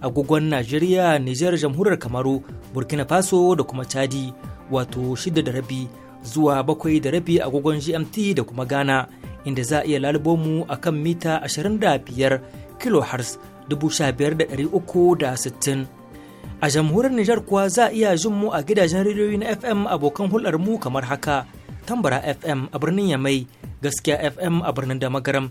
agogon Najeriya, Nijar jamhuriyar Kamaru, Burkina Faso da kuma Chadi wato shida da rabi zuwa bakwai da rabi agogon GMT da kuma Ghana inda za a iya lalubo mu a kan mita 25 da sittin. A jamhuriyar Nijar kuwa za a iya jin mu a gidajen rediyoyi na FM abokan hulɗar mu kamar haka. Tambara FM a birnin Yamai, Gaskiya FM a birnin Damagaram,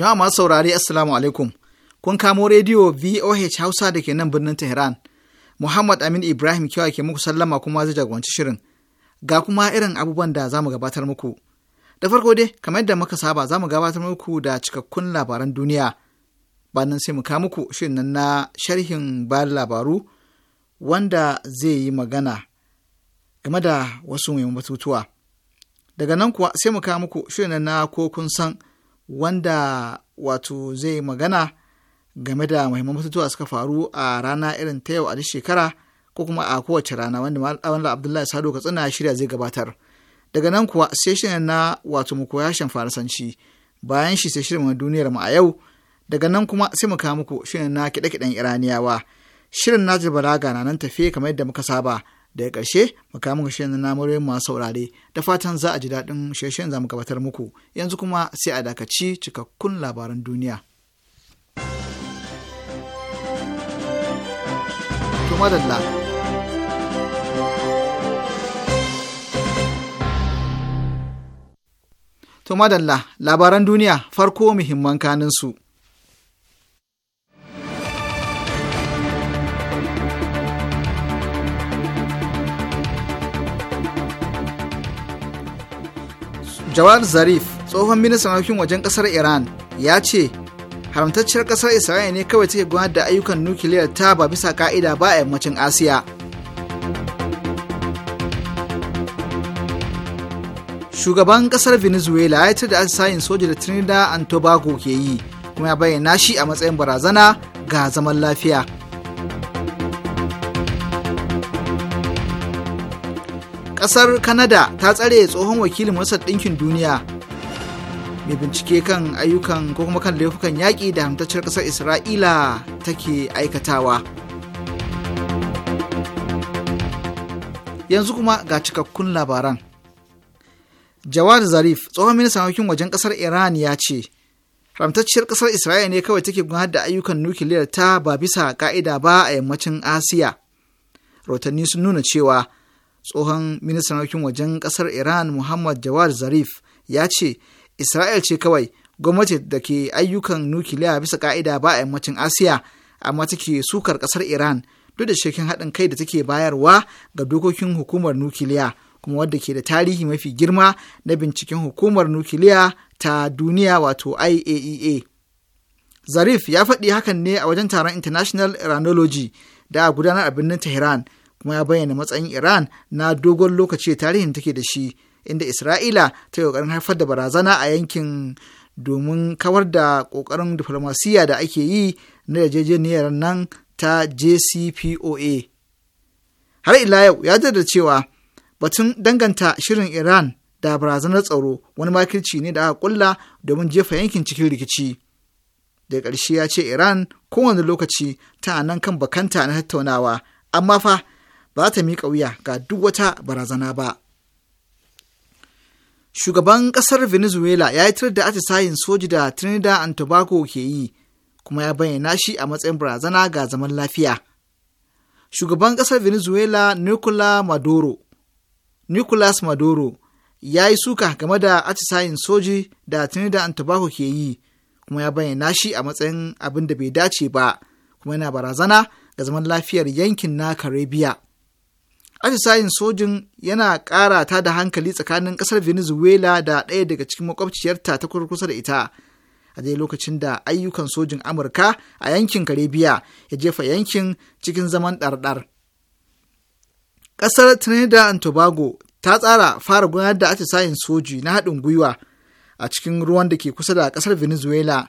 Jama'a masu saurari Assalamu alaikum. Kun kamo rediyo VOH Hausa da ke nan birnin Tehran. Muhammad Amin Ibrahim Kiyawa ke muku sallama kuma zai jagoranci shirin. Ga kuma irin abubuwan da za mu gabatar muku. Da farko dai, kamar yadda muka saba za mu gabatar muku da cikakkun labaran duniya. Bannan sai mu kawo muku shirin nan na sharhin bayan labaru wanda zai yi magana game da wasu muhimman batutuwa. Daga nan kuwa sai mu kawo muku shirin na ko kun san wanda wato zai magana game da muhimman batutuwa suka faru a rana irin ta yau a duk shekara ko kuma a kowace rana wanda wanda Abdullahi Sado Katsina shirya zai gabatar. Daga nan kuwa sai na wato mu koya shan Faransanci bayan shi sai shirin duniyar mu a yau daga nan kuma sai mu kawo muku shirin na kiɗe-kiɗen Iraniyawa. Shirin na balaga na nan tafe kamar yadda muka saba daga ƙarshe makamin shirin na muryoyin masu saurare da fatan za a ji daɗin shirye-shiryen mu gabatar muku yanzu kuma sai a dakaci cikakkun labaran duniya. madalla. To labaran duniya farko muhimman su jawad zarif tsohon ministan harkokin wajen kasar iran ya ce haramtacciyar kasar isra'ila ne kawai take gudanar da ayyukan nukiliyar ta ba bisa ka'ida ba a yammacin asiya shugaban kasar venezuela ya da sayin soja da trinidad and tobago ke yi kuma ya bayyana shi a matsayin barazana ga zaman lafiya ƙasar Kanada ta tsare tsohon wakilin Majalisar Ɗinkin Duniya mai bincike kan ayyukan ko kuma kan laifukan yaƙi da hamtaccen ƙasar Isra'ila take aikatawa. Yanzu kuma ga cikakkun labaran. Jawad Zarif, tsohon ministan harkokin wajen ƙasar Iran ya ce, Ramtacciyar ƙasar Isra'ila ne kawai take gudanar da ayyukan nukiliyar ta ba bisa ƙa'ida ba a yammacin Asiya. Rotanni sun nuna cewa tsohon ministan harkokin wajen ƙasar iran muhammad jawad zarif ya ce isra'il ce kawai gwamnati da ke ayyukan nukiliya bisa ka'ida ba a yammacin asiya amma take sukar ƙasar iran duk da shekin haɗin kai da take bayarwa ga dokokin hukumar nukiliya kuma wadda ke da tarihi mafi girma na binciken hukumar nukiliya ta duniya wato iaea e zarif ya faɗi hakan ne a wajen taron international iranology da a gudanar a birnin tehran kuma ya bayyana matsayin Iran na dogon lokaci tarihin take da shi inda Isra'ila ta kokarin haifar da barazana a yankin domin kawar da kokarin diflomasiyya da ake yi na yarjejeniyar nan ta JCPOA. Har ila yau ya jaddada cewa batun danganta shirin Iran da barazanar tsaro wani makirci ne da aka kulla domin jefa yankin cikin rikici. Da ƙarshe ya ce Iran kowane lokaci ta nan kan bakanta na tattaunawa, amma fa ba ta miƙa wuya ga duk wata barazana ba. Shugaban ƙasar Venezuela ya yi da atisayin soji da Trinidad and Tobago ke yi, kuma ya bayyana shi a matsayin barazana ga zaman lafiya. Shugaban ƙasar Venezuela Nicola Maduro, Nicolas Maduro ya yi suka game da atisayin soji da Trinidad and Tobago ke yi, kuma ya bayyana shi a matsayin abin da bai dace ba, kuma yana barazana ga zaman lafiyar yankin na Karibiya. atisayin sojin yana ƙara ta da hankali tsakanin ƙasar venezuela da ɗaya daga cikin makwabciyarta ta kusa da ita a dai lokacin da ayyukan sojin amurka a yankin karibiya ya jefa yankin cikin zaman ɗarɗar ƙasar trinidad and tobago ta tsara fara gudanar da atisayin soji na haɗin gwiwa a cikin ruwan da ke kusa da ƙasar venezuela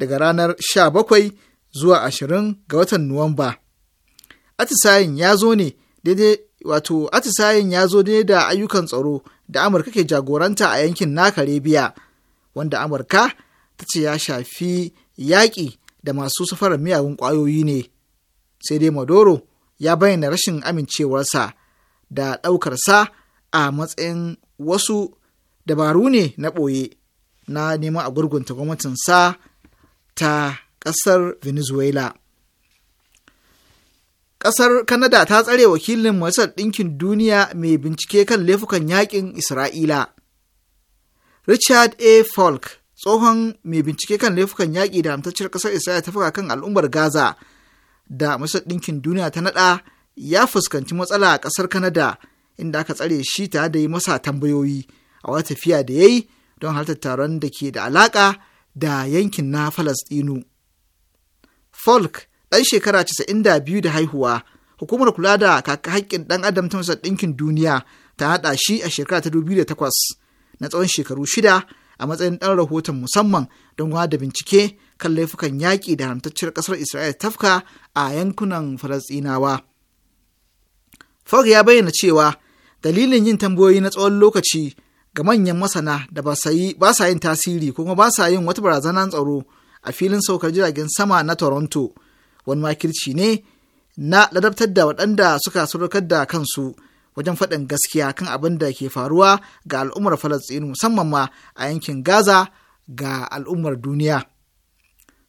daga ranar sha-bakwai zuwa ashirin ga watan nuwamba atisayin ya zo ne daidai wato atisayen ya zo ne da ayyukan tsaro da amurka ke jagoranta a yankin na karibiya wanda amurka ta ce ya shafi yaƙi da masu safarar miyagun ƙwayoyi ne sai dai madoro ya bayyana rashin amincewarsa da ɗaukarsa a matsayin wasu dabaru ne na ɓoye na neman a gurgunta gwamnatinsa ta ƙasar venezuela Ƙasar Kanada ta tsare wakilin Majalisar Ɗinkin Duniya mai bincike kan laifukan yaƙin Isra'ila. Richard A. Falk, tsohon mai bincike kan laifukan yaƙi da amtacciyar ƙasar Isra'ila ta fuka kan al'ummar Gaza da Majalisar Ɗinkin Duniya ta naɗa ya fuskanci matsala a ƙasar Kanada inda aka tsare shi ta da yi masa tambayoyi a wata tafiya da ya yi don halartar taron da ke da alaƙa da yankin na Falasɗinu. Falk ɗan shekara 92 da haihuwa hukumar kula da haƙƙin ɗan adam ta masar ɗinkin duniya ta haɗa shi a shekara ta 2008 na tsawon shekaru shida a matsayin ɗan rahoton musamman don da bincike kan laifukan yaƙi da haramtacciyar ƙasar isra'ila tafka a yankunan falasɗinawa fog ya bayyana cewa dalilin yin tambayoyi na tsawon lokaci ga manyan masana da ba sa yin tasiri kuma ba sa yin wata barazanar tsaro a filin saukar jiragen sama na toronto wani makirci ne na ladabtar da waɗanda suka sadaukar da kansu wajen faɗin gaskiya kan abin da ke faruwa ga al'ummar falastinu musamman ma a yankin gaza ga al'ummar duniya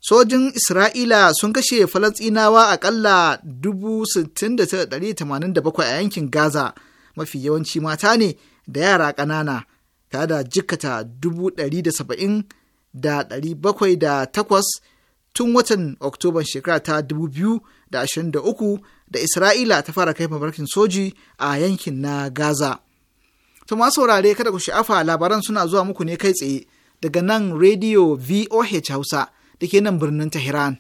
sojin isra'ila sun kashe falastinawa aƙalla 69,187 a yankin gaza mafi yawanci mata ne da yara ƙanana tare da jikata 170,708 tun watan oktoban shekara ta dubu biyu da ashirin da da uku isra'ila ta fara kai mafarkin soji a yankin na gaza to ma saurare kada ku sha'afa labaran suna zuwa muku ne kai tsaye daga nan rediyo voh hausa da ke nan birnin tehran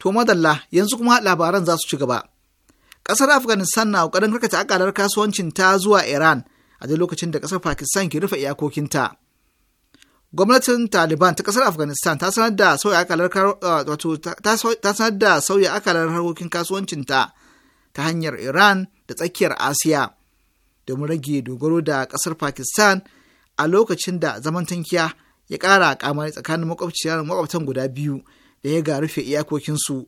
To madalla yanzu kuma labaran za su ci gaba. Ƙasar Afghanistan na ƙoƙarin karkata akalar kasuwancin ta zuwa Iran a duk lokacin da ƙasar Pakistan ke rufe iyakokinta. Gwamnatin Taliban ta ƙasar Afghanistan ta sanar da sauya akalar uh, wato ta sanar da sauya akalar harkokin kasuwancinta ta hanyar Iran da tsakiyar Asiya domin rage dogaro da ƙasar Pakistan a lokacin da zaman tankiya ya ƙara kamari tsakanin makwabciyar makwabtan guda biyu ya ga rufe iyakokinsu.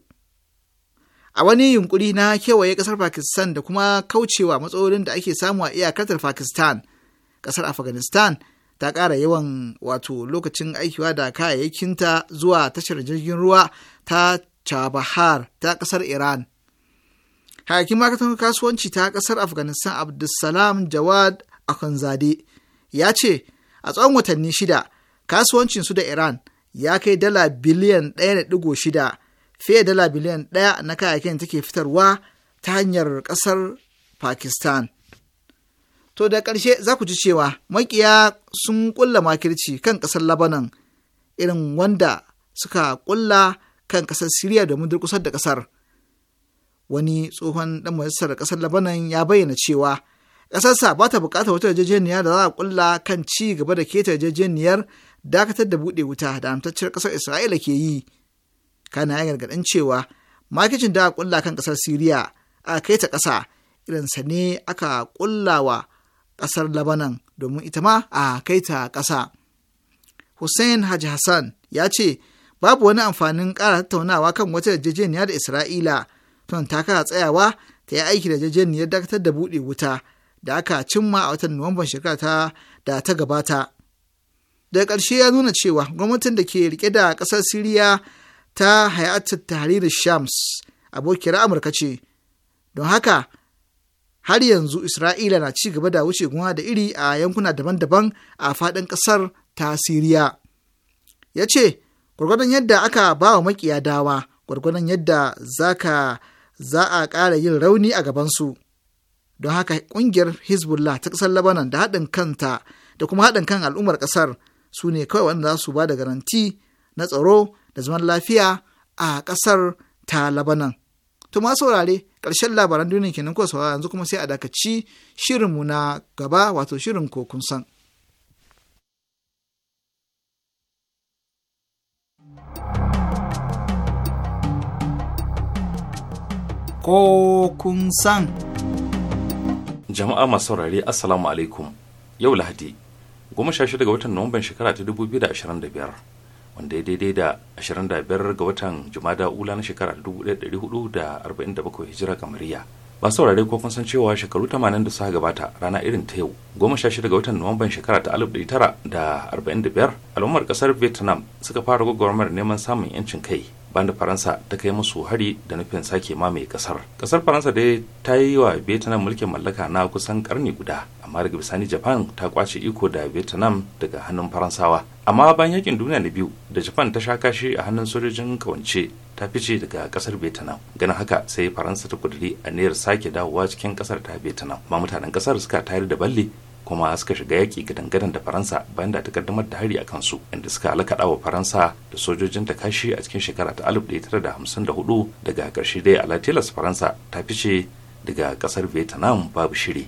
A wani yunkuri na kewaye ƙasar Pakistan da kuma kaucewa matsalolin da ake samu a iyakatar Pakistan, ƙasar Afghanistan ta ƙara yawan wato lokacin aikiwa da kayayyakinta zuwa tashar jirgin ruwa ta Chabahar ta ƙasar Iran. Hayakin makatan kasuwanci ta ƙasar Afghanistan Abdulsalam Jawad Akhundzade ya ce a tsawon watanni shida kasuwancinsu da Iran – ya kai dala biliyan 1.6 fiye dala biliyan 1 na kayayyakin take fitarwa ta hanyar ƙasar Pakistan. To da ƙarshe za ku ji cewa makiya sun ƙulla makirci kan ƙasar Labanan irin wanda suka ƙulla kan ƙasar Siriya domin durƙusar da ƙasar. Wani tsohon ɗan majalisar ƙasar Labanan ya bayyana cewa ƙasarsa ba ta buƙatar wata yarjejeniya da za a ƙulla kan ci gaba da keta yarjejeniyar dakatar da buɗe wuta da amtacciyar ƙasar isra'ila ke yi kana ya gargaɗin cewa makicin da aka ƙulla kan ƙasar siriya a kai ta ƙasa irin sa ne aka ƙulla wa ƙasar labanan domin ita ma a kai ta ƙasa hussein haji hassan ya ce babu wani amfanin ƙara tattaunawa kan wata yarjejeniya da isra'ila tun ta kara tsayawa ta yi aiki da yarjejeniyar dakatar da buɗe wuta da aka cimma a watan nuwamban shekara ta da ta gabata daga ƙarshe ya nuna cewa gwamnatin da ke rike da ƙasar siriya ta hayatar tahrir shams abokiyar amurka ce don haka har yanzu isra'ila na ci gaba da wuce gona da iri a yankuna daban-daban a faɗin ƙasar ta siriya ya ce gwargwadon yadda aka ba wa makiya dawa gwargwadon yadda zaka za a ƙara yin rauni a gabansu don haka ƙungiyar hezbollah ta ƙasar labanan da haɗin kanta da kuma haɗin kan al'ummar ƙasar su ne kawai wanda za su ba da garanti na tsaro da zaman lafiya a ƙasar ta labanan to ma saurare ƙarshen labaran duniya kenan ko saurara yanzu kuma sai a dakaci shirinmu na gaba wato shirin kokun san ko kun san. Jama'a masu saurare Assalamu alaikum yau Lahadi goma sha shida ga watan nuwamban shekara ta dubu biyu da ashirin da biyar wanda ya daidai da ashirin da biyar ga watan jumada ula na shekara ta dubu ɗaya ɗari hudu da arba'in da bakwai hijira kamariya ba saurare ko kun san cewa shekaru tamanin da suka gabata rana irin ta yau goma sha shida ga watan nuwamban shekara ta alif ɗari tara da arba'in da biyar al'ummar ƙasar vietnam suka fara gwagwarmar neman samun yancin kai banda faransa ta kai musu hari da nufin sake ma mai kasar kasar faransa dai ta yi wa vietnam mulkin mallaka na kusan karni guda amma daga bisani japan ta kwace iko da vietnam daga hannun faransawa amma bayan yakin duniya na biyu da japan ta sha kashi a hannun sojojin kawance ta fice daga kasar vietnam ganin haka sai faransa ta kuduri aniyar sake dawowa cikin kasar ta vietnam amma mutanen kasar suka tayar da balle kuma suka shiga yaƙi gadangadan da faransa bayan da ta kaddamar da hari a kansu inda suka alakaɗa wa faransa da sojojin ta kashi a cikin shekara ta 1954 daga ƙarshe dai alatilas faransa ta fice daga ƙasar vietnam babu shiri.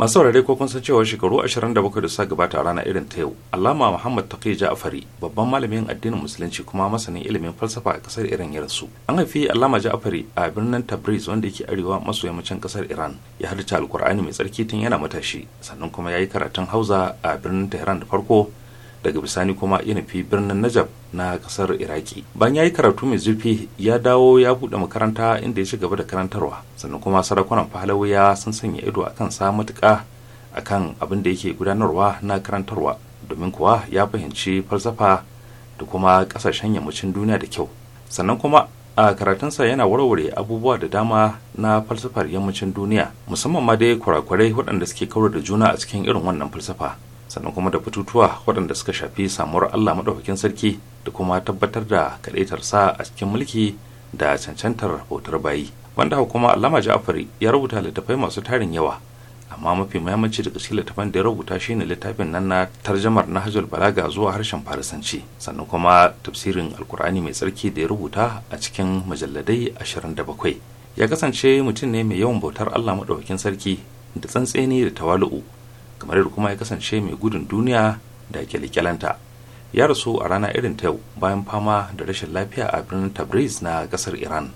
masu saurare ko kun san cewa shekaru 27 da suka gabata a rana irin ta yau alama muhammad taqi ja'fari babban malamin addinin musulunci kuma masanin ilimin falsafa a kasar iran ya rasu an haifi alama ja'fari a birnin tabriz wanda yake arewa maso yammacin kasar iran ya harta alkur'ani mai tsarki tun yana matashi sannan kuma ya yi karatun hausa a birnin tehran da farko daga bisani kuma ya nufi birnin najab na kasar iraki Ban ya yi karatu mai zurfi ya dawo ya buɗe makaranta inda ya ci gaba da karantarwa sannan kuma sarakunan falawiya sun sanya ido akan sa matuƙa akan abin da yake gudanarwa na karantarwa domin kuwa ya fahimci falsafa da kuma ƙasashen yammacin duniya da kyau sannan kuma a karatunsa yana warware abubuwa da dama na falsafar yammacin duniya musamman ma dai kurakurai waɗanda suke kawar da juna a cikin irin wannan falsafa sannan kuma da batutuwa waɗanda suka shafi samuwar allah maɗaukakin sarki da kuma tabbatar da kaɗaitar sa a cikin mulki da cancantar bautar bayi wanda kuma allama ja'afari ya rubuta littattafai masu tarin yawa amma mafi muhimmanci daga cikin littafin da ya rubuta shine littafin nan na tarjamar nahjul balaga zuwa harshen farisanci sannan kuma tafsirin alkur'ani mai tsarki da ya rubuta a cikin majalladai bakwai ya kasance mutum ne mai yawan bautar Allah maɗaukakin sarki da tsantseni da tawali'u kamar yadda kuma ya kasance mai gudun duniya da likelanta ya rasu a rana irin ta yau bayan fama da rashin lafiya a birnin tabriz na kasar iran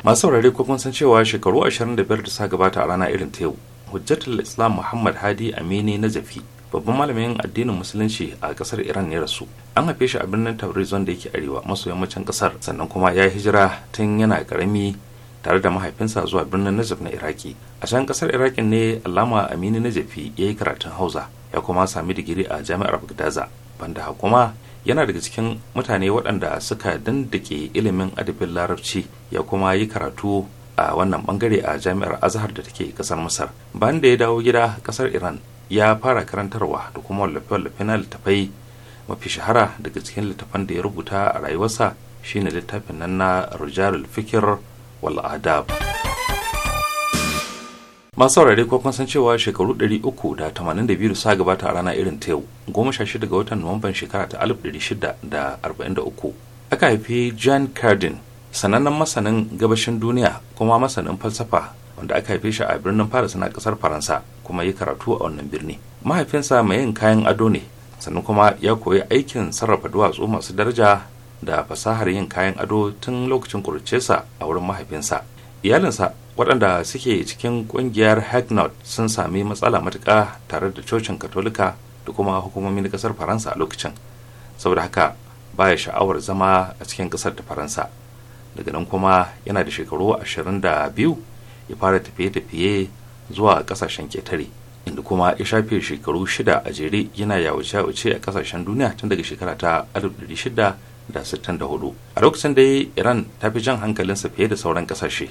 masu saurari ko kun san cewa shekaru 25 da sa gabata a rana irin ta yau hujjatul islam muhammad hadi amini na zafi babban malamin addinin musulunci a kasar iran ne rasu an haife shi a birnin tabriz wanda yake arewa maso yammacin kasar sannan kuma ya hijira tun yana karami tare da mahaifinsa zuwa birnin najaf na iraki a can kasar iraki ne alama aminu najafi ya yi karatun hausa ya kuma sami digiri a jami'ar bagdaza banda kuma yana daga cikin mutane waɗanda suka dandake ilimin adabin larabci ya kuma yi karatu a wannan bangare a jami'ar azhar da take kasar masar bayan da ya dawo gida kasar iran ya fara karantarwa da kuma wallafe-wallafe na littafai mafi shahara daga cikin littafan da ya rubuta a rayuwarsa shine littafin nan na rujarul fikir wal'adab masu saurare ko kun san cewa shekaru 382 da sa gabata a rana irin ta yau 16 ga watan nuwamban shekara ta 1643 aka haifi john cardin sanannen masanin gabashin duniya kuma masanin falsafa wanda aka haife shi a birnin paris na kasar faransa kuma ya karatu a wannan birni mahaifinsa mai yin kayan ado ne sannan kuma ya koyi aikin sarrafa duwatsu masu daraja da fasahar yin kayan ado tun lokacin kurcesa a wurin mahaifinsa iyalinsa waɗanda suke cikin ƙungiyar hagnot sun sami matsala matuƙa tare da cocin katolika da kuma hukumomin ƙasar faransa a lokacin saboda haka baya sha'awar zama a cikin ƙasar ta faransa daga nan kuma yana da shekaru ashirin da biyu ya fara tafiye-tafiye zuwa ƙasashen ketare inda kuma ya shafe shekaru shida a jere yana yawace-yawace a ƙasashen duniya tun daga shekara ta 1600 da 64 a lokacin da iran ta fi jan hankalinsa fiye da sauran kasashe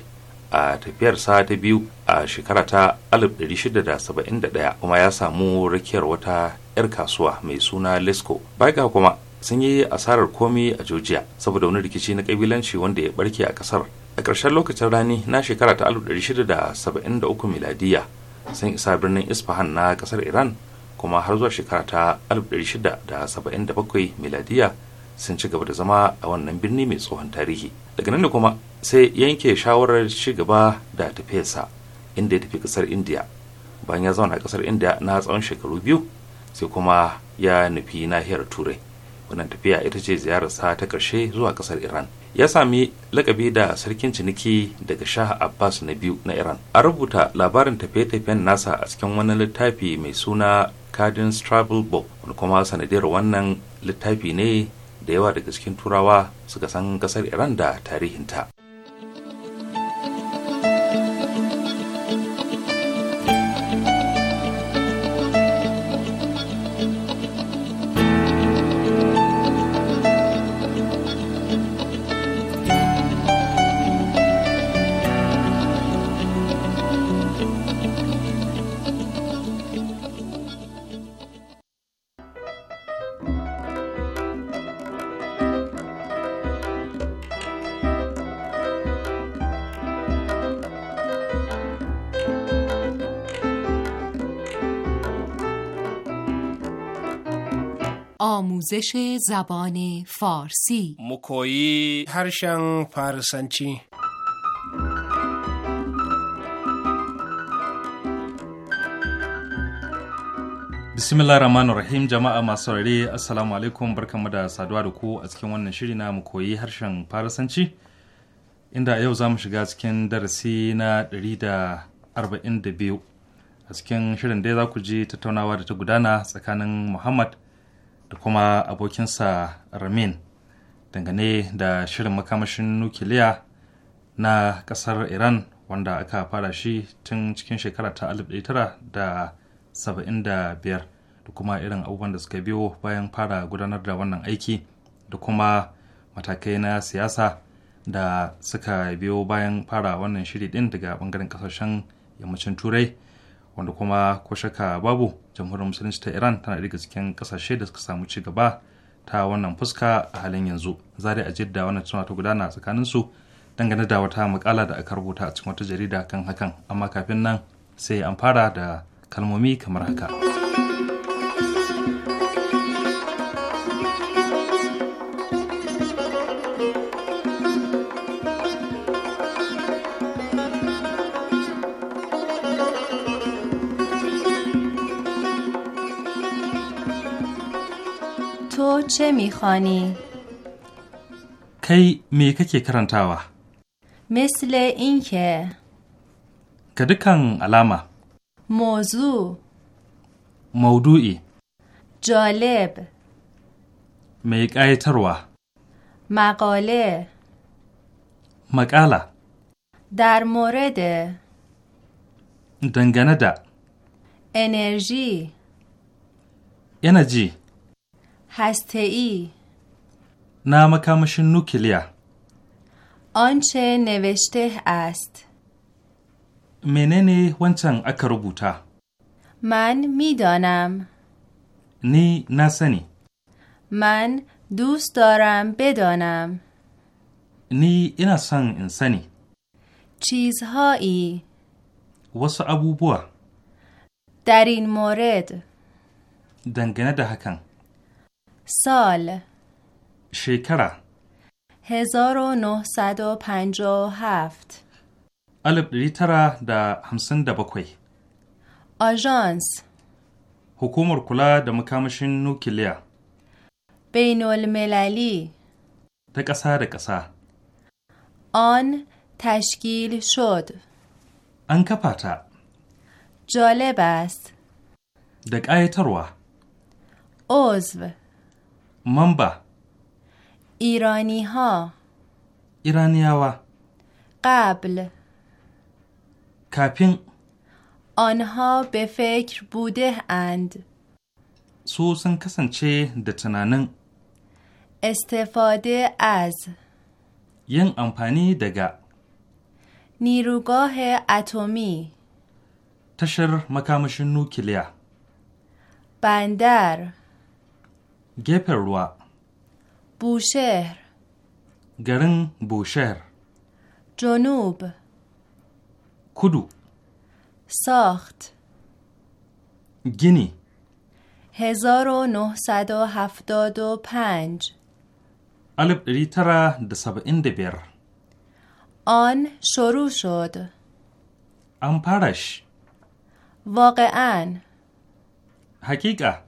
a tafiyarsa ta biyu a shekara ta 1671 kuma ya samu rakiyar wata 'yar kasuwa mai suna lesko baga kuma sun yi asarar komi a georgia saboda wani rikici na kabilanci wanda ya barke a kasar a ƙarshen lokacin rani na shekara ta 1673 miladiya sun isa birnin isfahan na kasar iran kuma har zuwa shekara ta 1677 miladiya sun ci gaba da zama a wannan birni mai tsohon tarihi daga nan ne kuma sai yanke shawarar ci gaba da tafiyarsa inda ya tafi kasar india bayan ya zauna a kasar india na tsawon shekaru biyu sai kuma ya nufi nahiyar turai wannan tafiya ita ce ziyararsa ta karshe zuwa kasar iran ya sami lakabi da sarkin ciniki daga shah abbas na biyu na iran a rubuta labarin tafiye-tafiyen nasa a cikin wani littafi mai suna cardin's travel book wani kuma sanadiyar wannan littafi ne da yawa daga cikin turawa suka san kasar iran da tarihinta آموزش زبان فارسی مکویی هرشن فارسنچی bismillah rahman rahim jama'a masu saurare assalamu alaikum barkamu da saduwa da ku a cikin wannan shiri na mu koyi harshen farisanci inda yau za mu shiga cikin darasi na da biyu a cikin shirin dai za ku je tattaunawa da ta gudana tsakanin muhammad da kuma abokinsa ramin dangane da shirin makamashin nukiliya na kasar iran wanda aka fara shi tun cikin shekara ta 1975 da kuma irin abubuwan da suka biyo bayan fara gudanar da wannan aiki da kuma matakai na siyasa da suka biyo bayan fara wannan shiri din daga bangaren kasashen yammacin turai wanda kuma ko shaka babu jamhuriyar musulunci ta iran tana daga cikin kasashe da suka samu ci gaba ta wannan fuska a halin yanzu za a jidda wannan tana ta gudana tsakanin su dangane da wata makala da aka rubuta a cikin wata jarida kan hakan amma kafin nan sai an fara da kalmomi kamar haka. چه میخوانی؟ کی می ککی کرنتاوا مثل اینکه که دکن علامه موضوع موضوعی جالب می قایتروا مقاله مقاله در مورد دنگنه دا انرژی انرژی هسته‌ای na makamashin nukiliya. آنچه نوشته است menene wancan aka rubuta? من میدانم ni na sani. من دوست دارم بدانم ni ina son in sani. Cis ho'i. wasu abubuwa در این dangane da hakan سال شکره 1957 الب لیتره دا همسن دا بکوی آژانس حکومر کلا دا مکامشن نوکلیا بین المللی تا آن تشکیل شد انکپاتا جالب است دک روه عضو ممبا ایرانی ها ایرانی قبل کپین آنها به فکر بوده اند سوسن کسن چه دتنانن استفاده از ین امپانی دگا نیروگاه اتمی تشر مکامش نوکلیا بندر گپروا بوشهر گرن بوشهر جنوب کدو ساخت گینی 1975 الف ریترا دبیر آن شروع شد امپرش واقعا حقیقه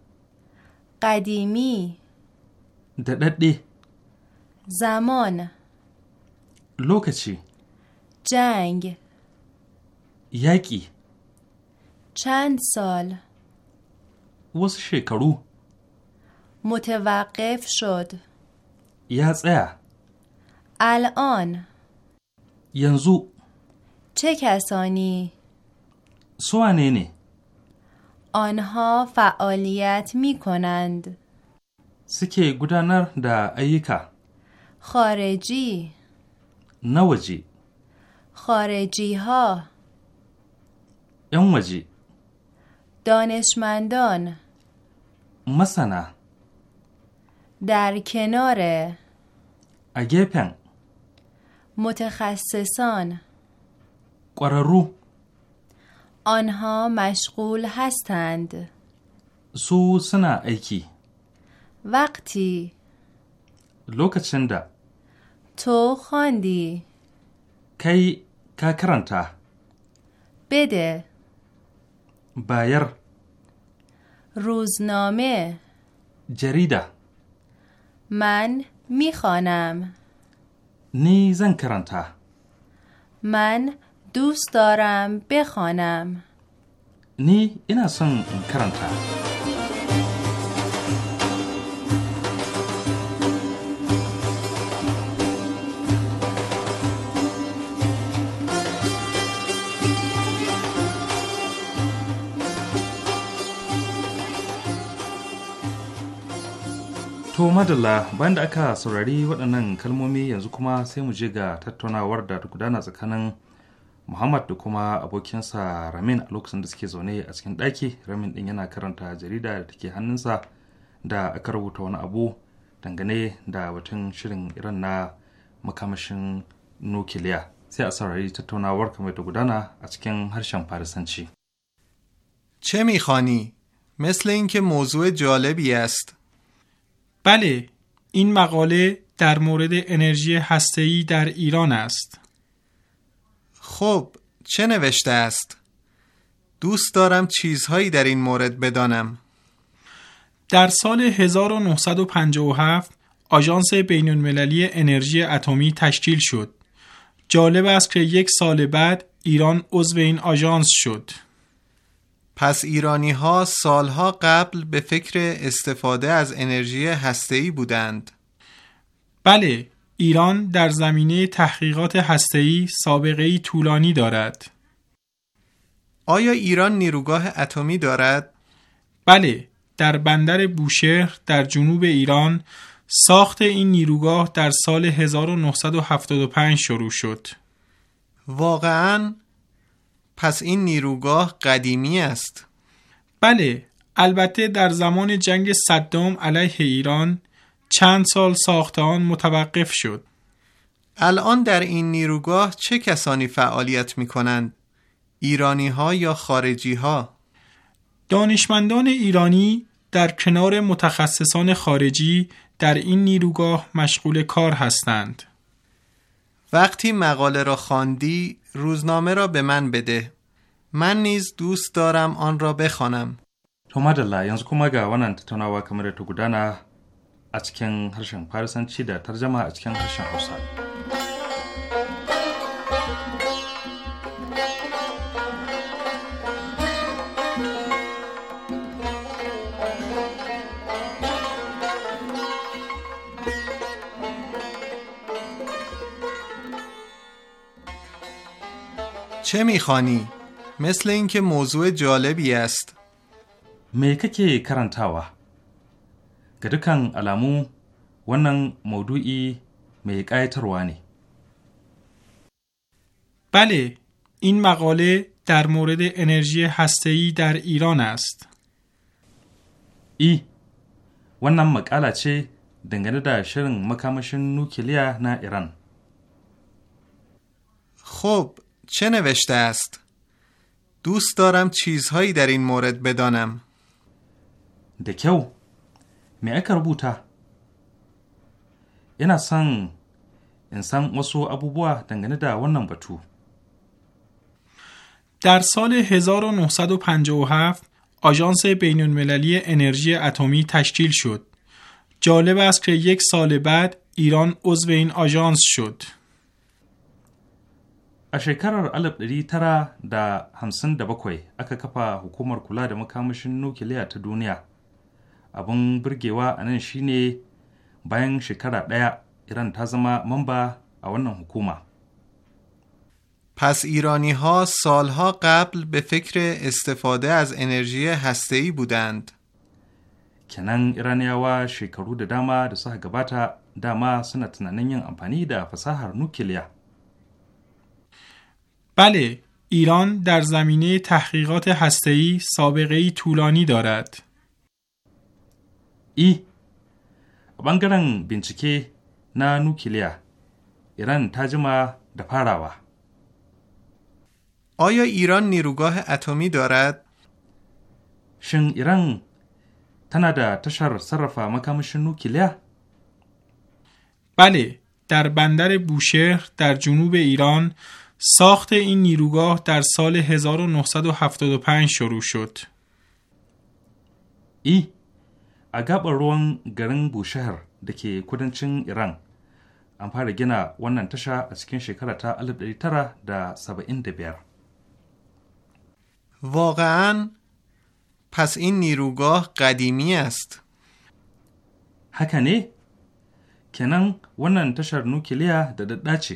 قدیمی دردی زمان لوکچی جنگ یکی چند سال وس شکرو متوقف شد یا الان ینزو چه کسانی سوانه آنها فعالیت می کنند سکی گودانر دا ایکا خارجی نوجی خارجی ها یموجی دانشمندان مسنا در کنار پن متخصصان قرارو آنها مشغول هستند سو سنا ایکی وقتی لوکچندا تو خواندی کی کا بده بایر روزنامه جریده من میخوانم نی زن من دوست دارم بخوانم. نی اینا سن کرانتا. To madalla bayan da aka saurari waɗannan kalmomi yanzu kuma sai mu je ga tattaunawar da ta gudana tsakanin muhammad da kuma abokinsa ramin a lokacin da suke zaune a cikin ɗaki ramin ɗin yana karanta jarida da take hannunsa da aka rubuta wani abu dangane da batun shirin iran na makamashin nukiliya sai a saurari tattaunawar kamar da gudana a cikin harshen farisanci چه میخوانی؟ مثل اینکه موضوع جالبی است. بله، این مقاله در مورد انرژی هسته‌ای در ایران است. خب چه نوشته است؟ دوست دارم چیزهایی در این مورد بدانم. در سال 1957 آژانس المللی انرژی اتمی تشکیل شد. جالب است که یک سال بعد ایران عضو این آژانس شد. پس ایرانی ها سالها قبل به فکر استفاده از انرژی هسته‌ای بودند. بله، ایران در زمینه تحقیقات هسته‌ای ای طولانی دارد. آیا ایران نیروگاه اتمی دارد؟ بله، در بندر بوشهر در جنوب ایران ساخت این نیروگاه در سال 1975 شروع شد. واقعا پس این نیروگاه قدیمی است. بله، البته در زمان جنگ صدام علیه ایران چند سال ساخت آن متوقف شد. الان در این نیروگاه چه کسانی فعالیت می کنند؟ ایرانی ها یا خارجی ها؟ دانشمندان ایرانی در کنار متخصصان خارجی در این نیروگاه مشغول کار هستند. وقتی مقاله را خواندی روزنامه را به من بده. من نیز دوست دارم آن را بخوانم. تو مدلا یانز یعنی وانند a cikin harshen farisanci da tarjama a cikin harshen hausa چه میخوانی؟ مثل اینکه موضوع جالبی است. میکه که کرنتاوه ga dukan alamu wannan maudu'i mai ƙayatarwa ne. Bale, in maƙale dar مورد enerji هسته‌ای dar Iran است. I, wannan makala ce dangane da shirin makamashin nukiliya na Iran. خب چه نوشته است؟ دوست دارم چیزهایی در این مورد بدانم. دکیو me aka rubuta ina son in san wasu abubuwa dangane da wannan batu در سال 1957 آژانس بین المللی انرژی اتمی تشکیل شد. جالب است که یک سال بعد ایران عضو این آژانس شد. a shekarar 1957 aka kafa hukumar kula da makamashin nukiliya ta duniya abin burgewa a nan shine bayan shekara ɗaya iran ta zama mamba a wannan hukuma پس ایرانی ها سالها قبل به فکر استفاده از انرژی هسته ای بودند. کنن ایرانیاوا شکرو ده داما ده سه گباتا داما سنت تنانین ین ده فساهر نوکلیا. بله، ایران در زمینه تحقیقات ای سابقه ای طولانی دارد. ای a ɓangaren bincike na nukiliya iran ta jima da farawa آیا ایران نیروگاه اتمی دارد؟ شن ایران تنها تشر صرف مکامش نوکیلیا؟ بله، در بندر بوشهر در جنوب ایران ساخت این نیروگاه در سال 1975 شروع شد. ای a gaɓar ruwan garin bushahar da ke kudancin iran an fara gina wannan tasha a cikin shekara ta 1975 واقعا پس این نیروگاه قدیمی است haka ne kenan wannan tashar nukiliya da dadda ce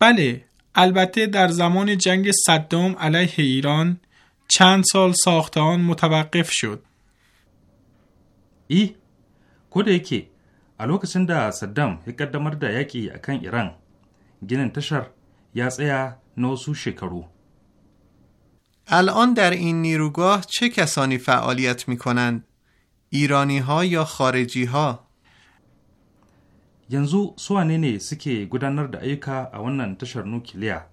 Bale, البته در زمان جنگ صدام علیه ایران چند سال ساخت آن متوقف شد e I? yake a lokacin da Saddam ya ƙaddamar da yaƙi a kan Iran, ginin tashar ya tsaya na wasu shekaru. Al'adar in ni rugo cike son mikonan, Iro ni ya kware ji hau. Yanzu su wanene suke gudanar da ayyuka a wannan tashar nukiliya,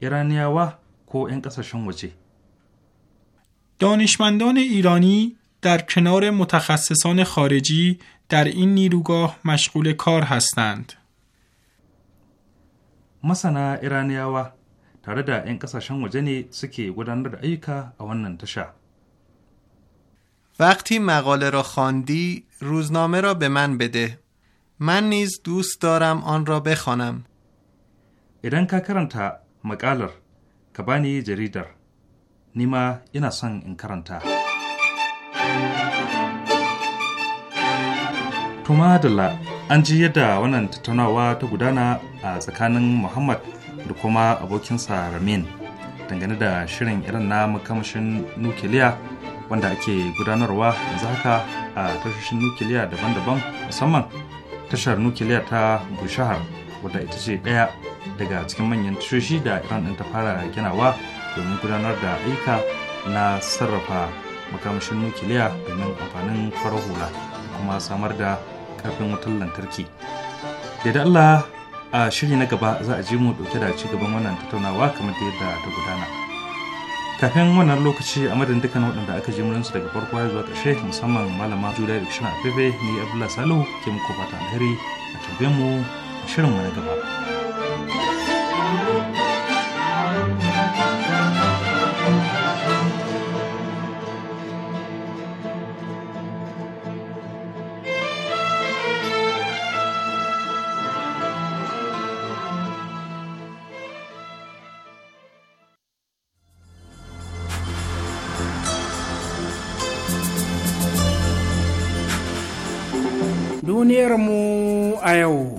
Iraniyawa ko 'yan ƙasashen waje. Da irani. در کنار متخصصان خارجی در این نیروگاه مشغول کار هستند. مثلا ایرانیاوا در این قصاشان سکی گودند در ایکا اوانن وقتی مقاله را خواندی روزنامه را به من بده. من نیز دوست دارم آن را بخوانم. ایران که کرنتا مقالر کبانی جریدر نیما اینا سنگ این کرنتا. Tumadala an ji yadda wannan tattaunawa ta gudana a tsakanin Muhammad da kuma abokinsa Ramin dangane da shirin irin na makamashin nukiliya wanda ake gudanarwa yanzu haka a tashoshin nukiliya daban-daban musamman tashar nukiliya ta Bushahar wadda ita ce ɗaya daga cikin manyan tashoshi da Iran ɗin ta fara ginawa domin gudanar da aika na sarrafa makamashin nukiliya domin amfanin farar hula kuma samar da karfin wutar lantarki da allah a shiri na gaba za a ji mu dauke da cigaban wannan tattaunawa kamar da yadda ta gudana kafin wannan lokaci a madadin dukkan waɗanda aka ji murinsu daga farko ya zuwa ƙarshe musamman malama juda da kishin afefe ni abdullahi salo ke muku fata alheri a tarbe mu a mu na gaba. mu a yau.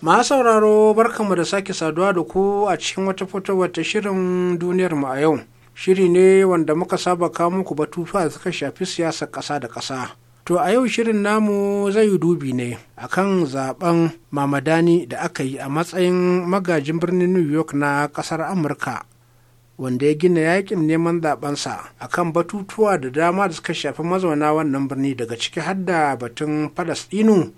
Ma sauraro barkanmu da sake saduwa da ku a cikin wata fitowar ta shirin duniyarmu a yau. Shiri ne wanda muka saba kawo muku batutuwa da suka shafi siyasar ƙasa da ƙasa. To a yau shirin namu zai yi dubi ne akan zaben Mamadani da aka yi a matsayin magajin birnin New York na ƙasar Amurka wanda ya gina yakin neman zabensa kan batutuwa da dama da suka shafi mazauna wannan birni daga ciki har da batun falasɗinu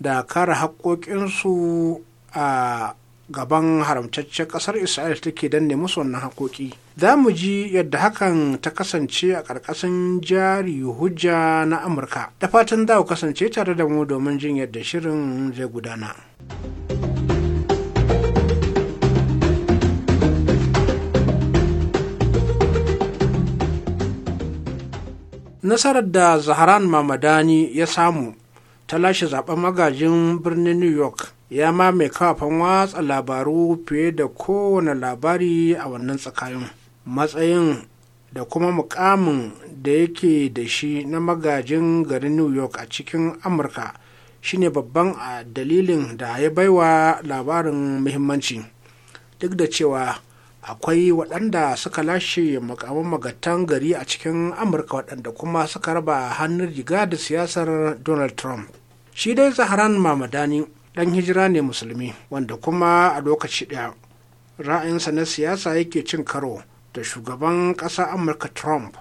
da kare haƙoƙinsu a gaban haramtaccen ƙasar isra'il take danne musu wannan haƙoƙi za mu ji yadda hakan ta kasance a ƙarƙashin jari hujja na amurka da fatan za ku kasance tare da mu domin jin yadda shirin zai gudana. nasarar da zaharan mamadani ya samu ta lashe zaben magajin birnin new york ya mame kafan watsa labaru fiye da kowane labari a wannan tsakanin matsayin da kuma mukamin da yake da shi na magajin garin new york a cikin amurka shine babban a dalilin da ya baiwa labarin muhimmanci duk da cewa akwai waɗanda suka lashe makaman magatan gari a cikin amurka waɗanda kuma suka raba hannun riga da siyasar donald trump shi dai zaharan mamadani ɗan hijira ne musulmi wanda kuma a lokaci ɗaya ra'ayinsa na siyasa yake cin karo da shugaban ƙasa amurka trump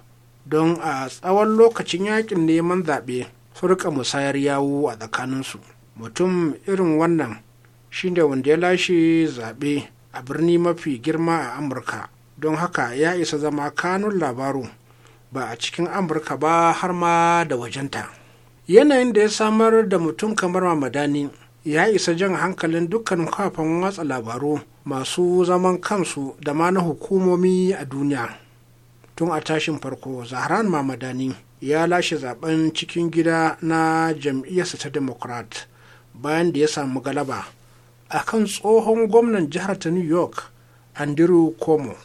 don a tsawon lokacin yakin neman zaɓe furka musayar yawo a tsakaninsu mutum irin wannan shi ne wanda ya lashe zaɓe a birni mafi girma a amurka don haka ya isa zama kanun labaru ba a cikin amurka ba har ma da wajenta yanayin da ya samar da mutum kamar mamadani ya isa jan hankalin dukkan kafin watsa labaru masu zaman kansu da ma na hukumomi a duniya tun a tashin farko zahran mamadani ya lashe zaben cikin gida na jam'iyyarsa ta democrat bayan da ya samu galaba a kan tsohon gwamnan jihar ta new york andrew cuomo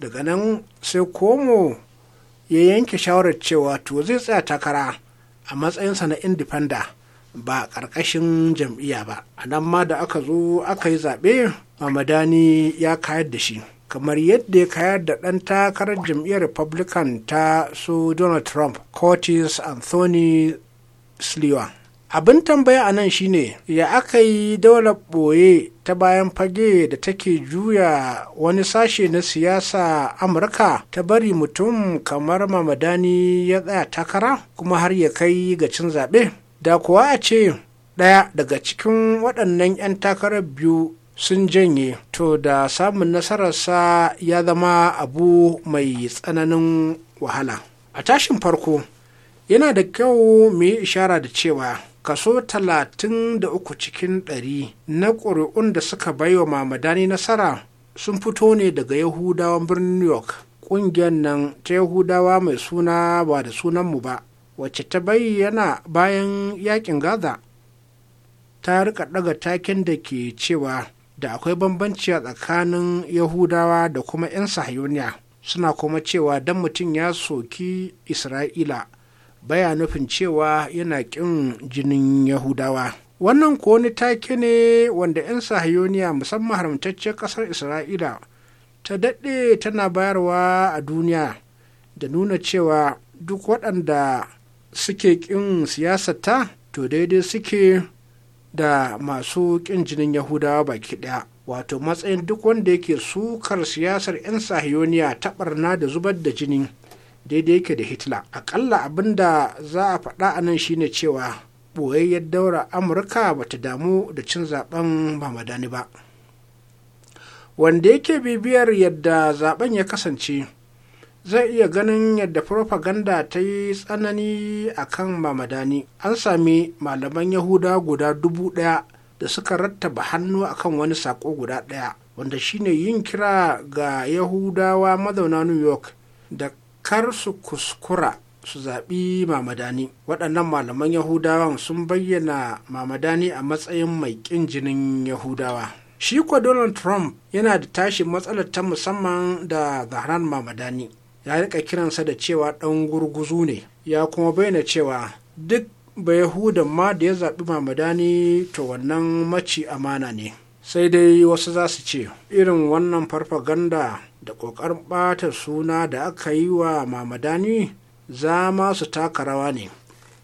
daga nan sai cuomo ya yanke shawarar cewa to zai tsaya takara a matsayinsa na indifenda ba ƙarƙashin jam'iyya ba a nan ma da aka zo aka yi zaɓe mamadani ya kayar da shi kamar yadda ya kayar da ɗan takarar jam'iyyar republican ta su donald trump curtis anthony sliwa abin tambaya a nan shine ya aka yi daular ɓoye ta bayan fage da take juya wani sashe na siyasa amurka ta bari mutum kamar mamadani ya tsaya takara kuma har ya kai ga cin zaɓe da kuwa a ce ɗaya daga cikin waɗannan 'yan takarar biyu sun janye to da samun nasararsa ya zama abu mai tsananin wahala a tashin farko yana da kyau mu yi ishara da cewa kaso talatin da uku cikin ɗari na ƙuri'un da suka baiwa mamadani nasara sun fito ne daga yahudawan birnin new york ƙungiyar nan ta yahudawa mai suna ba da sunanmu ba wacce ta bayyana bayan yakin gaza ta rika ɗaga takin da ke cewa da akwai bambanci a tsakanin yahudawa da kuma 'yan sahayoniya suna kuma cewa don mutum ya soki isra'ila baya nufin cewa yana ƙin jinin yahudawa wannan ko wani take ne wanda 'yan sahayoniya musamman haramtaccen ƙasar isra'ila ta daɗe tana bayarwa a duniya da nuna cewa duk waɗanda suke ƙin siyasata to daidai suke da masu ƙin jinin yahudawa baki ɗaya wato matsayin duk wanda yake sukar siyasar 'yan sahiyoniya ta ɓarna da zubar da jini daidai yake da hitler akalla abin da za a faɗa a nan shine cewa ɓoyayyar daura amurka ba ta damu da cin zaben mamadani ba wanda yake bibiyar yadda zaben ya kasance zai iya ganin yadda propaganda ta yi tsanani a kan mamadani an sami malaman yahuda guda dubu ɗaya da suka rattaba hannu akan wani sako guda ɗaya wanda shine yin kira ga yahudawa mazauna new york da kar su kuskura su zaɓi mamadani waɗannan malaman yahudawan sun bayyana mamadani a matsayin mai ƙin jinin yahudawa shi kuwa donald trump yana da tashin matsalar ta musamman da zahran mamadani ya rika kiransa da cewa ɗan gurguzu ne ya kuma bayyana cewa duk ba yahudan ma da ya zaɓi mamadani to wannan maci amana ne sai dai wasu za su ce irin wannan farfaganda da ƙoƙarin ɓatar suna da aka yi wa mamadani za ma su taka rawa ne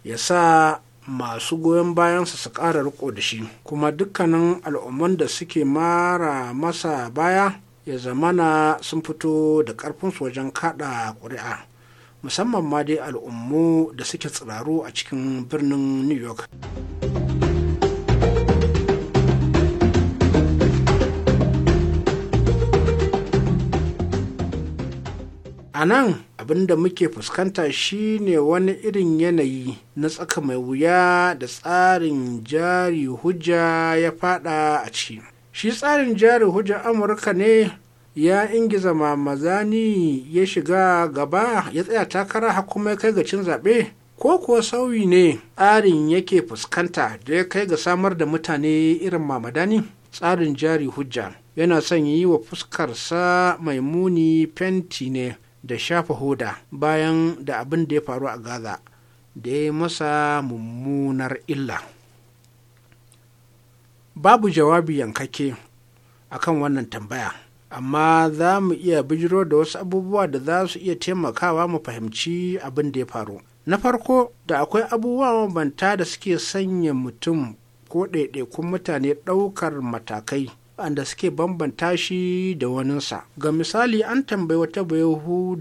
ya sa masu goyon bayansa su ƙara riko da shi kuma dukkanin al'umman da suke mara masa baya ya zamana sun fito da ƙarfinsu wajen kaɗa ƙuri'a musamman ma dai al'ummu da suke tsiraru a cikin birnin new york a nan abin da muke fuskanta shine wani irin yanayi na tsaka mai wuya da tsarin jari hujja ya fada a ciki shi tsarin jari hujja amurka ne ya ingiza mamazani ya shiga gaba ya tsaya takara kuma ya kai ga cin zaɓe ko kuwa sauyi ne tsarin yake fuskanta da ya kai ga samar da mutane irin mamadani tsarin jari hujja yana son yi wa fuskarsa mai muni fenti ne da shafa hoda bayan da abin da ya faru a gaza da ya yi masa mummunar illa babu jawabi yankake akan wannan tambaya amma za mu iya bijiro da wasu abubuwa da za su iya taimakawa mu fahimci abin da ya faru na farko da akwai abubuwa mabanta da suke sanya mutum ko ɗaiɗaikun mutane ɗaukar matakai da suke bambanta shi da waninsa ga misali an tambayi wata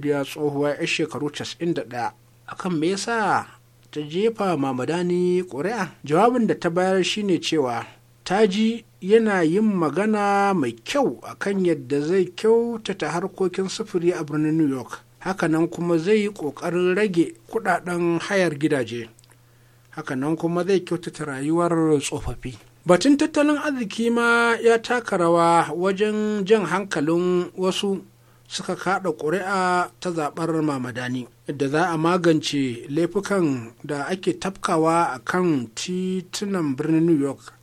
ya tsohuwa 'yar shekaru 91 akan me yasa ta jefa mamadani ƙuri'a jawabin da ta bayar shine cewa ta ji yana yin magana mai kyau akan yadda zai kyautata harkokin sufuri a birnin new york hakanan kuma zai yi ƙoƙarin rage kuɗaɗen hayar gidaje hakanan kuma zai kyautata rayuwar tsofaffi batun tattalin arziki ma ya taka rawa wajen jan hankalin wasu suka kaɗa ƙuri'a ta zaɓar mamadani da za a magance laifukan da ake tafkawa a kan titunan birnin new york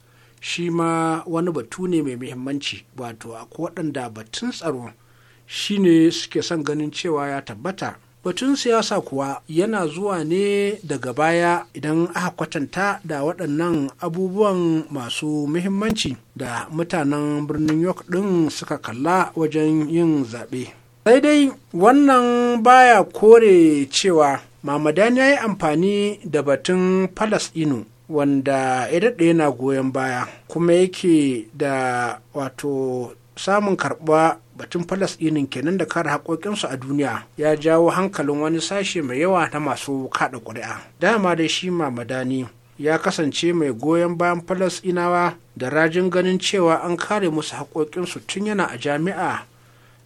shi ma wani batu ne mai muhimmanci wato a waɗanda batun tsaro shi ne suke son ganin cewa ya tabbata Batun siyasa kuwa yana zuwa ne daga baya idan aka kwatanta da waɗannan abubuwan masu muhimmanci da mutanen birnin York ɗin suka kalla wajen yin zaɓe. Sai dai wannan baya kore cewa Mamadan ya yi amfani da batun Falasɗinu wanda ya daɗe yana goyon baya kuma yake da wato samun karɓa batun falasɗinin kenan da kare haƙoƙinsu a duniya ya jawo hankalin wani sashe mai yawa na masu kaɗa ƙuri'a dama da shi mamadani ya kasance mai goyon bayan falasɗinawa da rajin ganin cewa an kare musu haƙoƙinsu tun yana a jami'a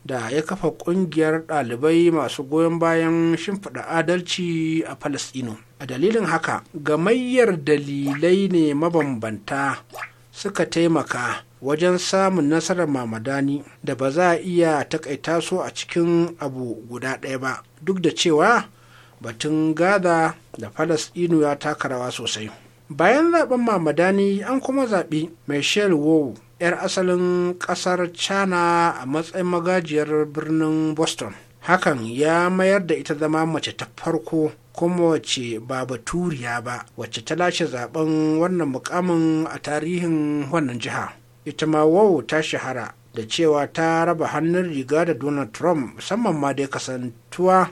da ya kafa ƙungiyar ɗalibai masu goyon bayan shimfiɗa adalci a falasɗinu a dalilin haka gamayyar dalilai ne mabambanta suka taimaka wajen samun nasarar mamadani da ba za a iya takaita su a cikin abu guda ɗaya ba duk da cewa batun gaza da falasɗinu ya taka rawa sosai bayan zaben mamadani an kuma zaɓi michelle wow 'yar asalin ƙasar china a matsayin magajiyar birnin boston hakan ya mayar da ita zama mace ta farko kuma wace ba baturiya ba wacce ta lashe zaben wannan mukamin a tarihin wannan jiha ita ma wau ta shahara da cewa ta raba hannun riga da donald trump musamman ma dai kasantuwa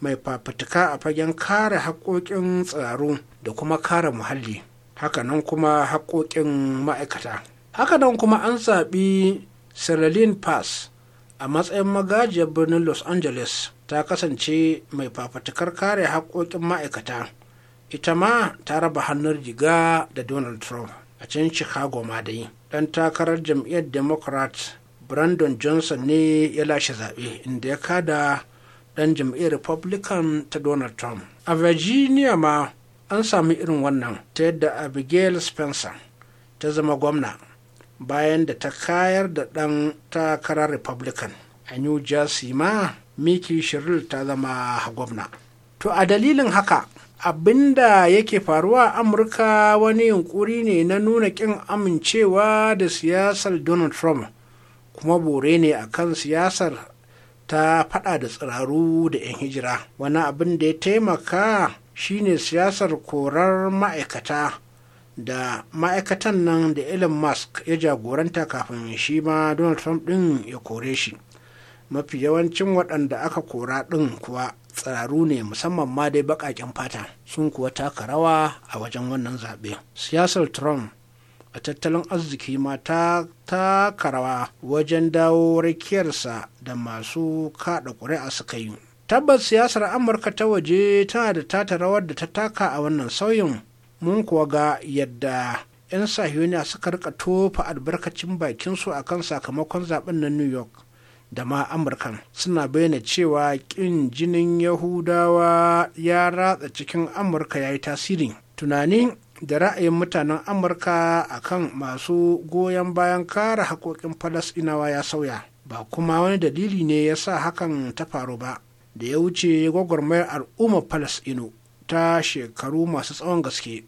mai fafutuka a fagen kare haƙoƙin tsaro da kuma kare muhalli hakanan kuma haƙoƙin ma'aikata hakanan kuma an zaɓi Celine pass a matsayin magajiyar birnin los angeles ta kasance mai fafutukar kare haƙoƙin ma'aikata ita ma ta raba hannun riga da donald trump a can chicago ma dai ɗan takarar jam'iyyar democrat brandon johnson ne ya lashe zaɓe inda ya kada ɗan jam'iyyar republican ta donald trump a virginia ma an sami irin wannan ta yadda abigail spencer ta zama gwamna bayan da ta kayar da ɗan takarar republican a new jersey ma miki shiril ta zama gwamna to a dalilin haka abin da yake faruwa a amurka wani yunkuri ne na nuna ƙin amincewa da siyasar donald trump kuma bore ne a kan siyasar ta fada da tsiraru da 'yan hijira wani abin da ya taimaka shine siyasar korar ma'aikata da ma'aikatan nan da elon musk ya jagoranta kafin shi ma donald trump din ya kore shi mafi yawancin waɗanda aka kora ɗin kuwa tsararru ne musamman ma dai baƙaƙen fata sun kuwa taka rawa a wajen wannan zaɓe siyasar trump a tattalin arziki ma ta taka rawa wajen dawo rakiyarsa da masu kaɗa ƙuri'a suka yi tabbas siyasar amurka ta waje tana da tata rawar da ta taka a wannan sauyin mun kuwa ga yadda 'yan sahiyoniya suka rika tofa albarkacin bakinsu akan sakamakon zaɓen na new york da ma amurkan suna bayyana cewa ƙin jinin yahudawa ya ratsa cikin amurka ya yi tasiri tunanin da ra'ayin mutanen amurka a kan masu goyon bayan kare haƙoƙin falasɗinawa ya sauya ba kuma wani dalili ne ya sa hakan ta faru ba da ya wuce gwagwarmayar al'ummar falasɗinu ta shekaru masu tsawon gaske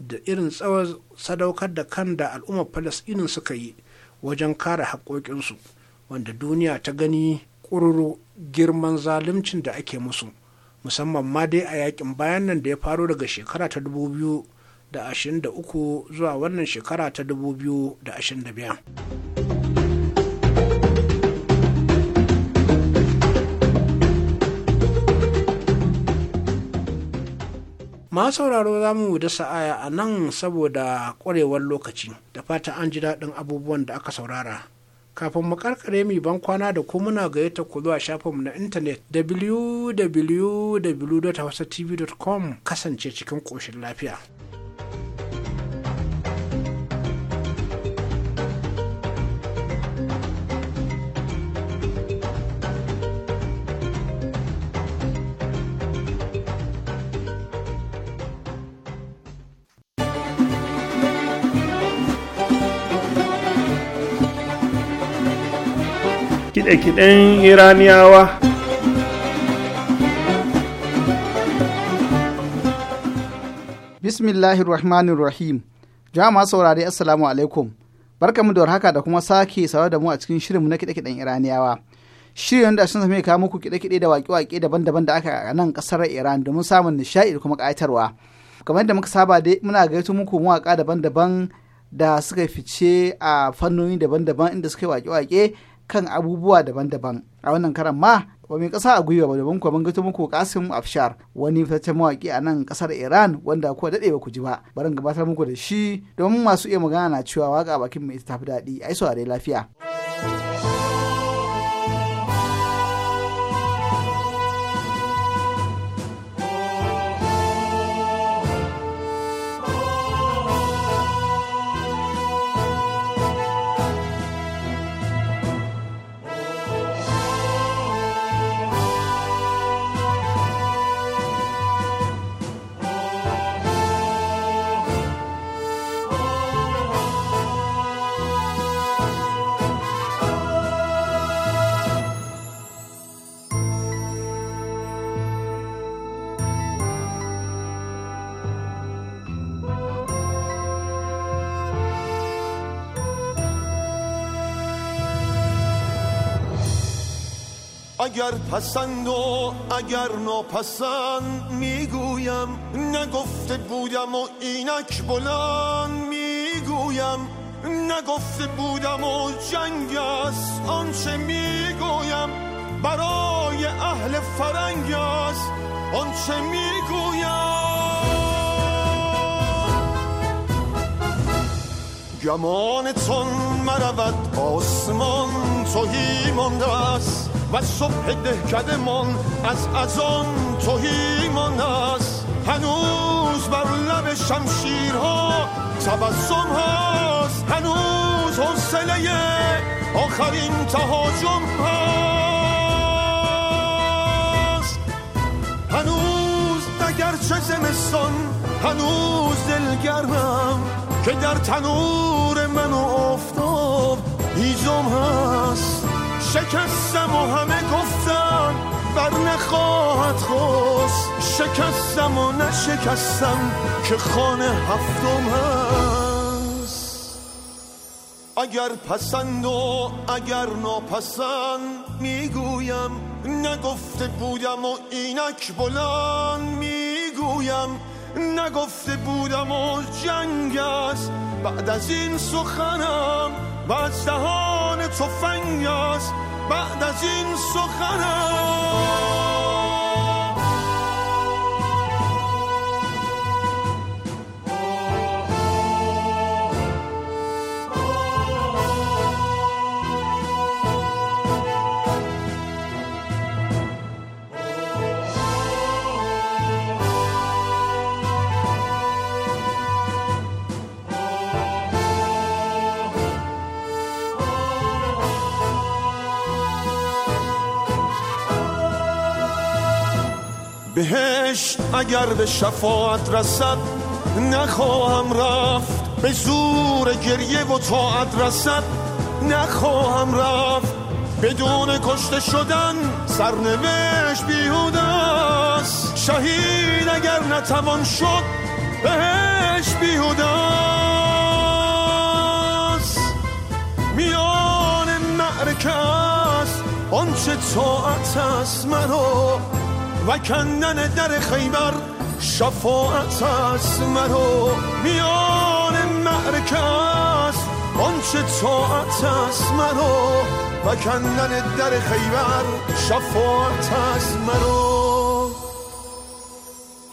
da irin tsawon sadaukar da kan da al'ummar falasɗinin suka yi wajen kare haƙoƙinsu wanda duniya ta gani ƙururu girman zaluncin da ake musu musamman ma dai a yakin bayan nan da ya faro daga shekara ta 2023 zuwa wannan shekara ta 2025 ma sauraro za mu da sa'aya a nan saboda ƙwarewar lokaci da fata an ji daɗin abubuwan da aka saurara kafin mu karkare mu ban kwana da ku muna gayyata ku zuwa shafinmu na intanet www.hausatv.com kasance cikin koshin lafiya. kiɗe-kiɗen iraniyawa bismillahir rahmanir rahim jama'a saurari assalamu alaikum barkamu da warhaka da kuma sake saurare da mu a cikin shirinmu na kiɗe-kiɗen iraniyawa shirin da sun sami kawo muku kiɗe-kiɗe da waƙe-waƙe daban-daban da aka a nan ƙasar iran domin samun nishaɗi da kuma ƙayatarwa kamar yadda muka saba dai muna gaito muku mawaƙa daban-daban da suka fice a fannoni daban-daban inda suka yi waƙe-waƙe kan abubuwa daban-daban a wannan karan ma ba mai kasa a gwiwa ba domin kuwa gato muku kasim afshar wani fitaccen mawaki a nan kasar iran wanda kuwa dade ba ku ji ba barin gabatar muku da shi domin masu iya magana na cewa waka bakin mai tafi daɗi ai saurare lafiya. اگر پسند و اگر ناپسند میگویم نگفته بودم و اینک بلند میگویم نگفته بودم و جنگ است آنچه میگویم برای اهل فرنگ است آنچه میگویم گمانتون مرود آسمان توهی مانده است و صبح من از از آن من است هنوز بر لب شمشیرها تبسم هست هنوز حوصله آخرین تهاجم هست هنوز دگر چه زمستان هنوز دلگرمم که در تنور من و آفتاب هیزم هست شکستم و همه گفتن بر نخواهد خواست شکستم و نشکستم که خانه هفتم هست اگر پسند و اگر ناپسند میگویم نگفته بودم و اینک بلند میگویم نگفته بودم و جنگ است بعد از این سخنم بعد دهان تفنگ است بعد از این سخنم اگر به شفاعت رسد نخواهم رفت به زور گریه و طاعت رسد نخواهم رفت بدون کشته شدن سرنوشت بیهود شهید اگر نتوان شد بهش بیهود میان معرکه است آنچه طاعت است مرا و کندن در خیبر شفاعت است مرا میان معرکه است آنچه طاعت است مرا و کندن در خیبر شفاعت است مرا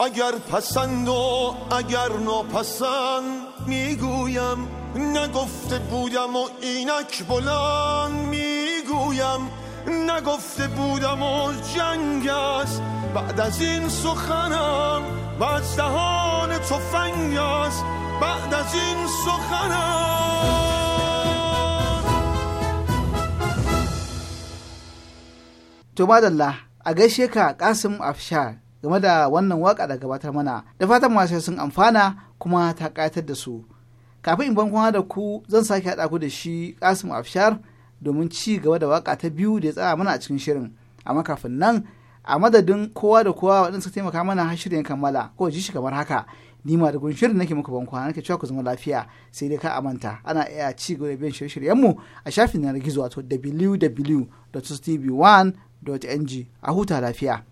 اگر پسند و اگر ناپسند میگویم نگفته بودم و اینک بلند میگویم نگفته بودم و جنگ است بعد از این سخنم و از دهان توفنگ بعد از این سخنم تو madalla a gaishe ka kasim afshar game da wannan waka da gabatar mana da fatan masu sun amfana kuma ta ƙayatar da su kafin in bankwana da ku zan sake haɗa ku da shi kasim afshar domin ci gaba da waka ta biyu da ya tsara mana a cikin shirin amma kafin nan a madadin kowa da kowa waɗanda suka taimaka mana har shirin kammala ko ji shi kamar haka ni ma da gun shirin nake muku ban kwana nake cewa ku zama lafiya sai dai ka manta ana iya ci gaba da bin shirye-shiryen mu a shafin yanar gizo wato www.tv1.ng a huta lafiya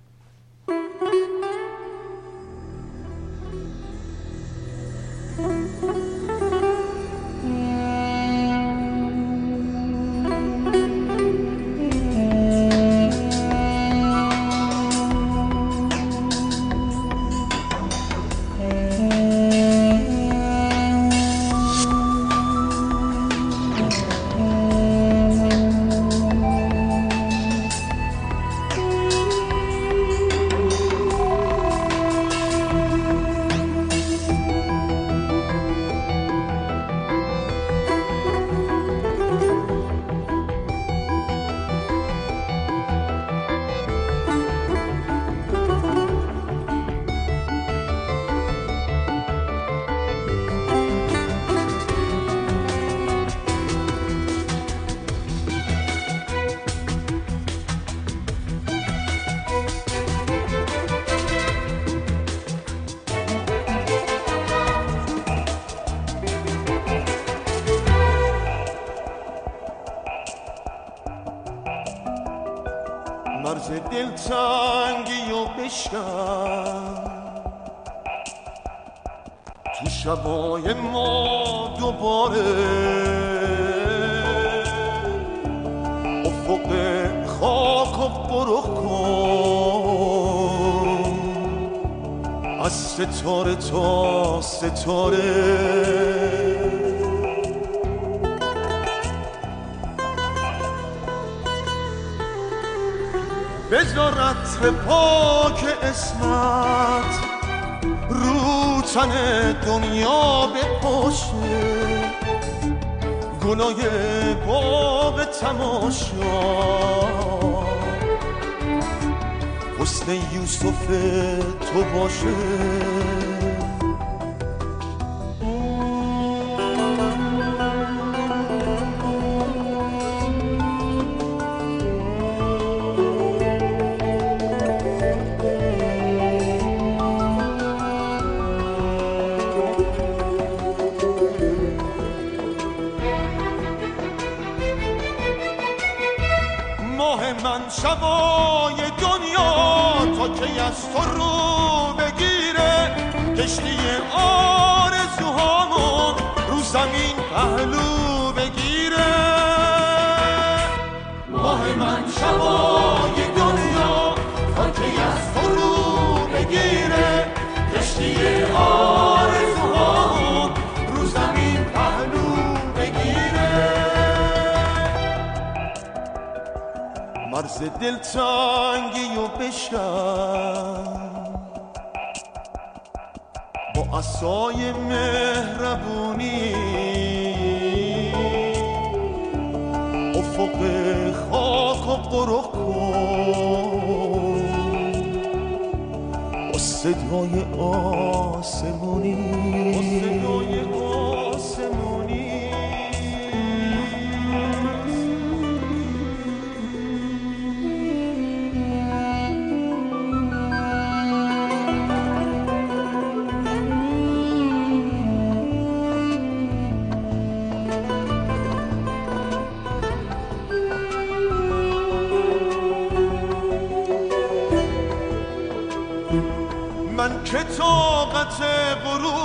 سنگی و بشکن تو شبای ما دوباره افق خاک و برو کن از ستاره تا ستاره به پاک اسمت رو تن دنیا بپاشه گناه باب تماشا حسن یوسف تو باشه هوای دنیا تا که از تو رو بگیره کشتی آرزوهامون رو زمین پهلو بگیره ماه من شما ز تنگی و بشم با اصای مهربونی افق خاک و قرق کن با صدای آسمونی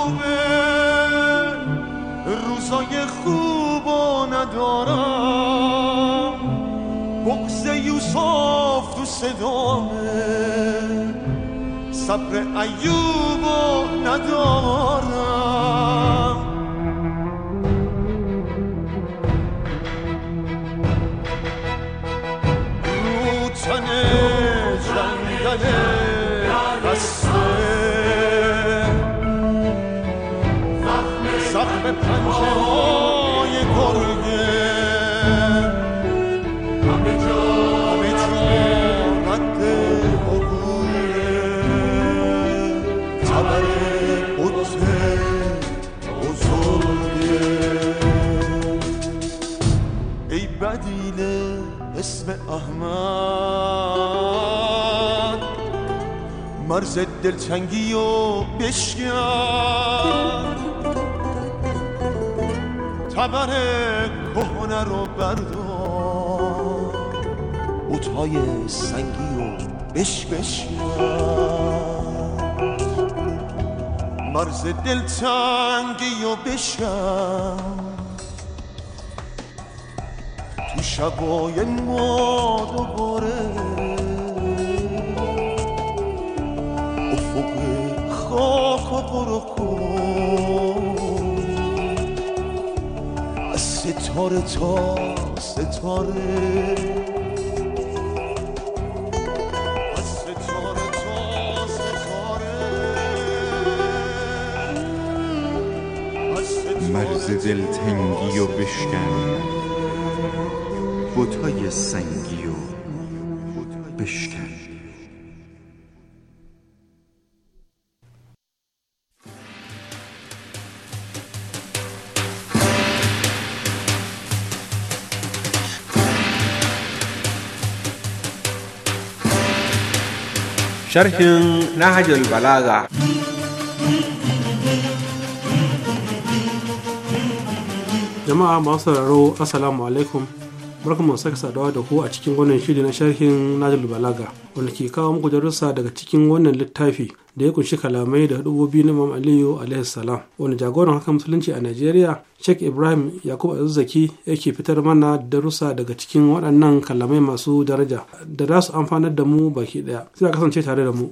خوبه روزای خوب و ندارم بغز یوسف تو صدامه صبر ایوب و دلتنگی و بشکن تبر کهنه رو بردار بوتهای سنگی و بش مرز دلتنگی و بشکن تو شبای ما دوباره بهار تا ستاره مرز دلتنگی و بشکن بوتای سنگ sharhin nahajul balaga jama'a masu sauraro assalamu alaikum barkamu sake saduwa da ku a cikin wannan shiri na sharhin Najul Balaga wanda ke kawo muku darussa daga cikin wannan littafi da ya kunshi kalamai da hadubobi na Imam Aliyu alaihi salam wanda jagoran hakan musulunci a Najeriya Sheikh Ibrahim Yakubu Azzaki yake fitar mana darussa daga cikin waɗannan kalamai masu daraja da za su amfanar da mu baki ɗaya. Sai kasance tare da mu.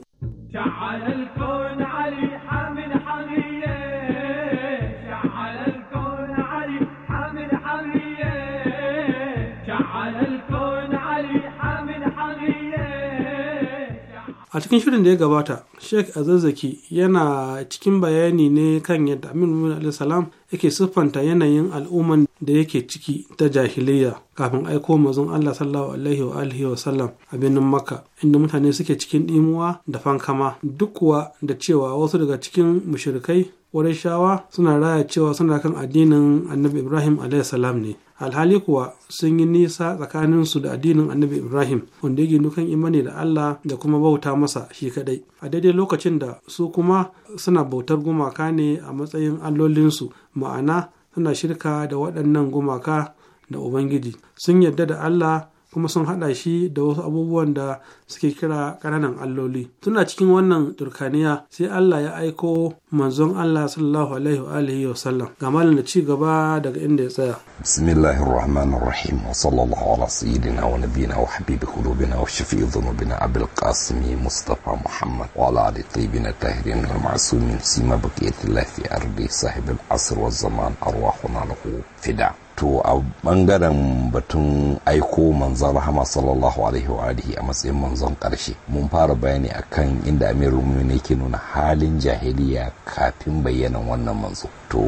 a cikin shirin da ya gabata sheikh azazzaki yana cikin bayani ne kan yadda aminu salam yake siffanta yanayin al'umman da yake ciki ta jahiliya kafin aiko mazun allah sallallahu alaihi wa alihi wa sallam a birnin makka inda mutane suke cikin dimuwa da fankama duk kuwa da cewa wasu daga cikin mushrikai shawa suna raya cewa suna kan addinin annabi ibrahim alaihi salam ne alhali kuwa sun yi nisa tsakaninsu da addinin annabi ibrahim wanda yake dukan imani da allah da kuma bauta masa shi kadai a daidai lokacin da su kuma suna bautar gumaka ne a matsayin allolinsu ma'ana suna shirka da waɗannan gumaka da ubangiji sun yarda da allah kuma sun hada shi da wasu abubuwan da suke kira ƙananan alloli tuna cikin wannan turkaniya sai Allah ya aiko manzon Allah sallallahu alaihi wa alihi wa sallam ga malin da ci gaba daga inda ya tsaya bismillahir rahmanir rahim wa sallallahu ala sayyidina wa nabiyina wa habibi qulubina wa shafi'i dhunubina abul qasim mustafa muhammad wa ala ali tayyibina tahirin al ma'sumin sima baqiyatillah fi ardi sahib al asr wa zaman arwahuna lahu fida to a bangaren batun aiko manzon rahama sallallahu alaihi wa alihi a matsayin manzon karshe mun fara bayani akan inda amirul ne ke nuna halin jahiliya kafin bayyanan wannan manzo to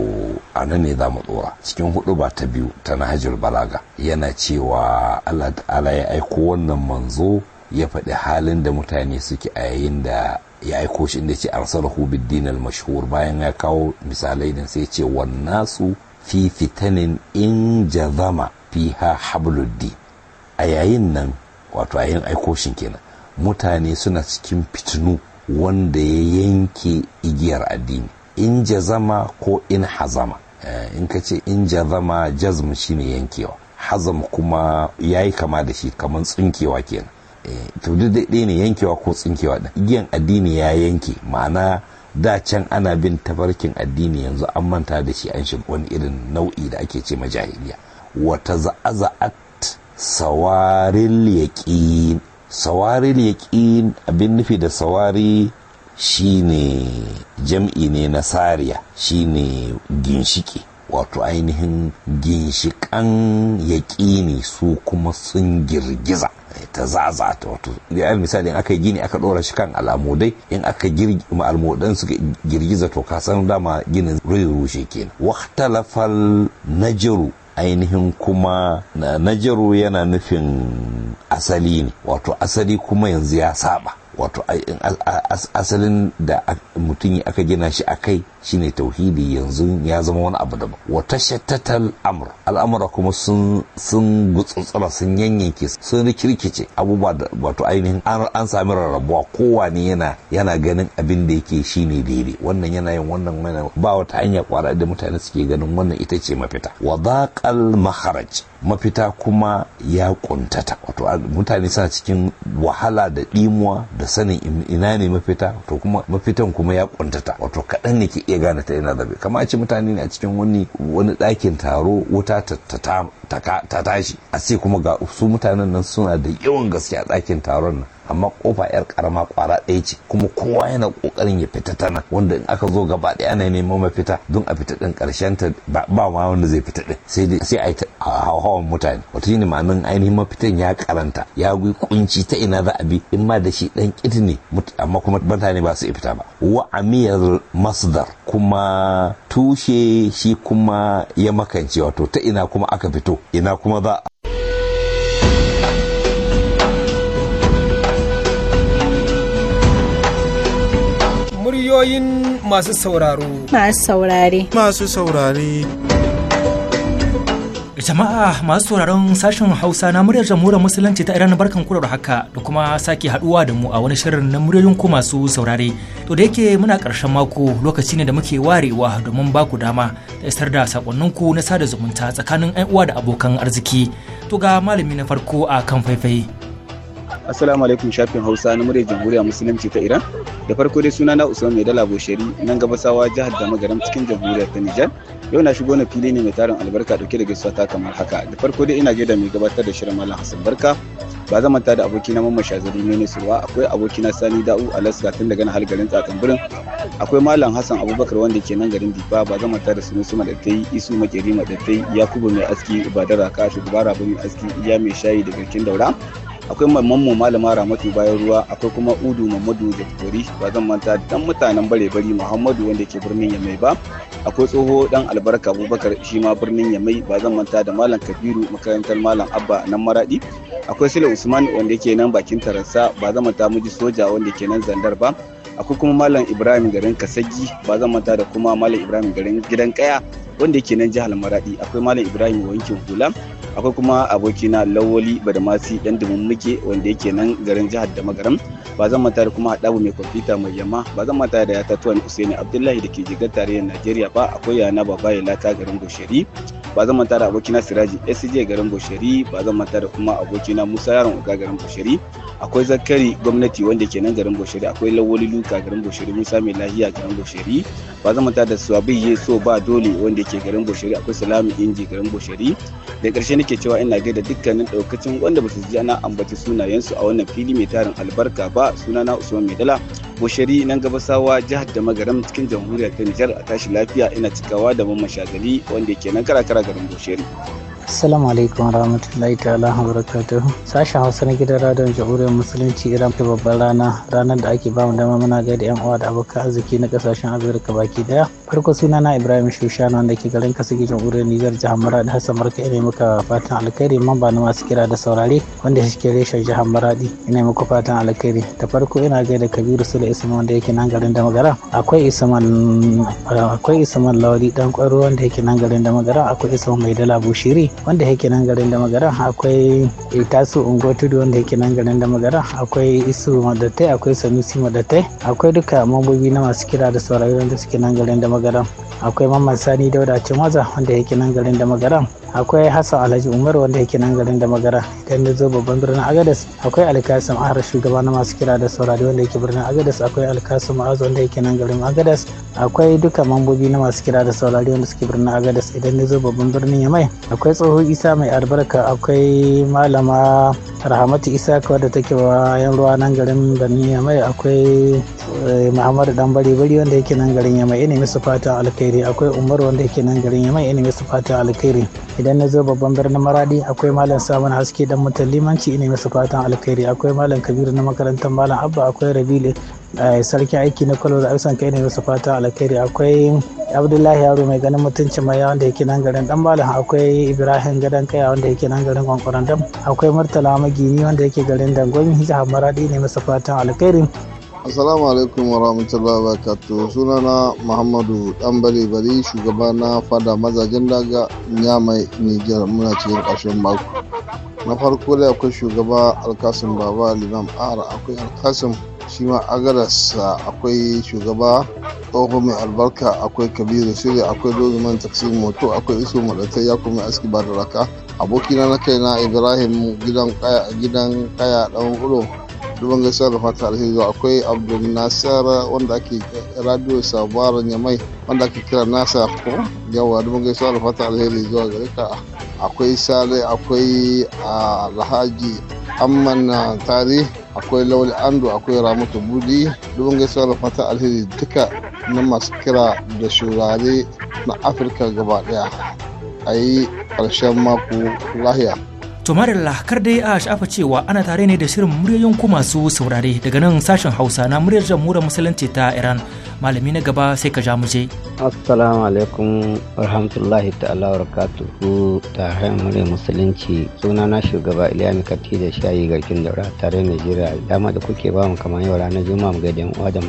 a nan ne za mu tsora cikin hudu ba ta biyu ta nahajul balaga yana cewa Allah ta'ala ya aiko wannan manzo ya faɗi halin da mutane suke a yayin da ya aiko shi inda ce arsalahu bid-din al-mashhur bayan ya kawo misalai din sai ce wannan su. fi fitanin in jazama fiha habluddi a yayin nan wato yayin aikoshin kenan mutane suna cikin fitinu wanda ya yanke igiyar addini in jazama ko in hazama eh, in ka ce in jazama jazm shine yankewa hazam kuma ya yi kama da shi kamar tsinkewa kenan eh, to duk ne yankewa ko tsinkewa ɗin igiyan addini ya yanke ma'ana da can ana bin tafarkin addini yanzu an manta da shi an shiga wani irin nau'i da ake ce majahiliya wata za'aza'at sawaril yaqin sawaril abin nufi da sawari shine jam'i ne na sariya shine ginshiki wato ainihin ginshikan yaƙini su kuma sun girgiza ta ta wato da misali in aka yi gini aka ɗora shi kan al'amudai in aka girgi al'amudan suka girgiza to ka san dama ginin rai rushe kenan waqtalafal najru ainihin kuma najaru yana nufin asali ne wato asali kuma yanzu ya saba wato asalin da mutum aka gina shi a kai shine tauhidi yanzu ya zama wani abu daban wata shattatal amr al'amura kuma sun sun gutsutsura sun yanyanke sun rikirkice abubuwa da wato ainihin an sami rarrabuwa kowane yana yana ganin abin da yake shine daidai wannan yana yin wannan ba wata hanya kwara da mutane suke ganin wannan ita ce mafita wa dhaqal maharaj mafita kuma ya kuntata wato mutane suna cikin wahala da ɗimuwa da sanin ina ne mafita to kuma mafitan kuma ya kuntata wato kaɗan ne ke iya gane ta ina zabe kamar a ce mutane ne a cikin wani wani ɗakin taro wuta ta tashi a ce kuma ga su mutanen nan suna da yawan gaske a ɗakin taron nan amma kofa yar karama kwara ɗaya ce kuma kowa yana kokarin ya fita ta wanda in aka zo gaba ɗaya ana neman mafita don a fita ɗin karshen ta ba ma wanda zai fita ɗin sai dai sai a yi hawan mutane wato ma ma'anin ainihin mafitan ya karanta ya gwi kunci ta ina za a bi in ma da shi ɗan kiti ne amma kuma mutane ba su fita ba wa amiyar masdar kuma tushe shi kuma ya makance wato ta ina kuma aka fito ina kuma za Muryoyin masu sauraro. Masu saurare. Masu saurare. Jama'a masu sauraron sashen Hausa na muryar jamhuriyar Musulunci ta Iran barkan da haka da kuma sake haduwa da mu a wani shirin na muryoyin ku masu saurare. To da yake muna karshen mako lokaci ne da muke warewa domin ba ku dama da isar da sakonninku na sada zumunta tsakanin 'yan uwa da abokan arziki. To ga malami na farko a kan faifai. Assalamu alaikum shafin Hausa na murya Jamhuriyar Musulunci ta Iran. Da farko dai suna na Usman Mai Dala Bosheri nan gabasawa jihar Damagaram cikin Jamhuriyar ta Nijar. Yau na shigo na fili ne mai tarin albarka dauke da gaisuwa ta kamar haka. Da farko dai ina gaida mai gabatar da shirin Malam Hassan Barka. Ba zama ta da abokina Mamman Shazali ne Surwa, akwai abokina Sani Da'u Alaska tun daga har garin Birin. Akwai Malam Hassan Abubakar wanda ke nan garin Difa, ba zama ta da Sunusu Madattai, Isu Makeri Madattai, Yakubu Mai Aski, Ibadar Raka, Shugaba Rabu Mai Aski, Iya Mai Shayi da Garkin Daura. akwai mamman mu malama ramatu bayan ruwa akwai kuma udu mamadu da tori ba zan manta dan mutanen bare bari muhammadu wanda ke birnin yamai ba akwai tsoho dan albarka abubakar shi ma birnin yamai ba zan manta da malam kabiru makarantar malam abba nan maradi akwai sule usman wanda yake nan bakin taransa ba zama ta muji soja wanda ke nan zandar ba akwai kuma malam ibrahim garin kasagi ba zama ta da kuma malam ibrahim garin gidan kaya wanda yake nan jihar maradi akwai malam ibrahim wankin hula akwai kuma abokina lawoli badamasi yan dumin muke wanda yake nan garin jihar da magaram ba zan manta da kuma hadabu mai kwamfuta mai yamma ba zan manta da yata tuwani usaini abdullahi da ke jigar tarayyar najeriya ba akwai yana baba ya lata garin goshari ba zan manta da abokina siraji scj garin goshari ba zan manta da kuma abokina. na musa yaron uga garin bushari akwai zakari gwamnati wanda ke nan garin bushari akwai lawali luka garin bushari musa mai lahiya garin bushari ba zama ta da bai ya so ba dole wanda ke garin bushari akwai salami inji garin bushari da karshe nake cewa ina gaida dukkanin daukacin wanda ba su ji ana ambaci sunayensu a wannan fili mai tarin albarka ba suna na usman mai dala bushari nan gabasawa jihar da magaram cikin jamhuriyar ta nijar a tashi lafiya ina cikawa da mamman shagali wanda ke nan kara kara garin bushari. Assalamu alaikum warahmatullahi ta'ala Sashen Hausa na gidan radon jamhuriyar Musulunci Iran ta babban rana ranar da ake bamu dama muna gaida yan uwa da abokan arziki na kasashen Amurka baki daya. Farko suna na Ibrahim Shushana wanda ke garin Kasige jamhuriyar Nijar jihar Maradi Hassan Barka ina muka fatan alkhairi mamba na masu kira da saurare wanda ke reshen jihar Maradi ina muka fatan alkhairi. Da farko ina gaida Kabiru Sule isma wanda yake nan garin Damagara. Akwai Isman akwai Isma Lawali dan kwaro wanda yake nan garin Damagara akwai Isma Maidala Bushiri wanda yake nan garin da magaran akwai itasu ungo wanda yake nan garin da magaran akwai isu madatai akwai sanusi madatai akwai duka mambobi na masu kira da saurayi wanda suke nan garin da magaran akwai mamman sani dauda cimaza wanda yake nan garin da magaran akwai hassan alhaji umar wanda yake nan garin da magara idan da zo babban birnin agadas akwai alkasim ahar shugaba na masu kira da saurari wanda yake birnin agadas akwai alkasim azu wanda yake nan garin agadas akwai duka mambobi na masu kira da saurari wanda suke birnin agadas idan da zo babban birnin yamai akwai tsoho isa mai albarka akwai malama rahamatu isa da take wa yan ruwa nan garin birnin yamai akwai Eh, muhammadu dan bari bari wanda yake nan garin yamai ina su fata alkhairi akwai umar wanda yake nan garin yamai ina su fata alkhairi idan na zo babban birnin maradi akwai malam samun haske dan mutan limanci ina su fatan alkhairi akwai malam kabiru na makarantar malam abba akwai rabilu eh, sarki aiki na kwalo da arsan kai ne su fata alkhairi akwai abdullahi yaro mai ganin mutunci mai wanda yake nan garin dan malam akwai ibrahim gadan kaya wanda yake nan garin kwankwaran dam akwai murtala magini wanda yake garin dangwami jihar maradi ne musu fatan alkhairi Assalamu alaikum wa rahmatullahi wa barakatuh. Sunana Muhammadu Dan Bari shugaba na fada mazajen daga Nyamai Niger muna cikin ƙarshen mako. Na farko da akwai shugaba Alkasim Baba Limam Ahar akwai Alkasim shi ma agaras akwai shugaba tsoho mai albarka akwai kabiru shirya akwai dozuman taksi moto akwai iso maɗatai ya kuma aski ba da raka abokina na kaina ibrahim gidan kaya dan ulo duban gaisuwa da fata alheri akwai abdul nasara wanda ake radio sabuwar nyamai wanda ake kira nasa ko yawa duban gaisuwa da fata alheri zuwa gare ka akwai sale akwai alhaji amana tari akwai lauli ando akwai ramatu budi duban gaisuwa da fata alheri duka na masu kira da shurare na afirka gaba daya a yi ƙarshen mako lahiya Tomar da dai a shafa cewa ana tare ne da shirin muryoyin ku masu saurare daga nan sashen Hausa na muryar jamhuriyar musulunci ta Iran. Malami na gaba sai ka ja mu je. Assalamu alaikum warahmatullahi ta'ala barakatuhu ta hayar muryar musulunci suna na shugaba Iliya kati da shayi garkin daura tare Najeriya dama da kuke ba mu kamar yau ranar Juma'a mu gaida uwa da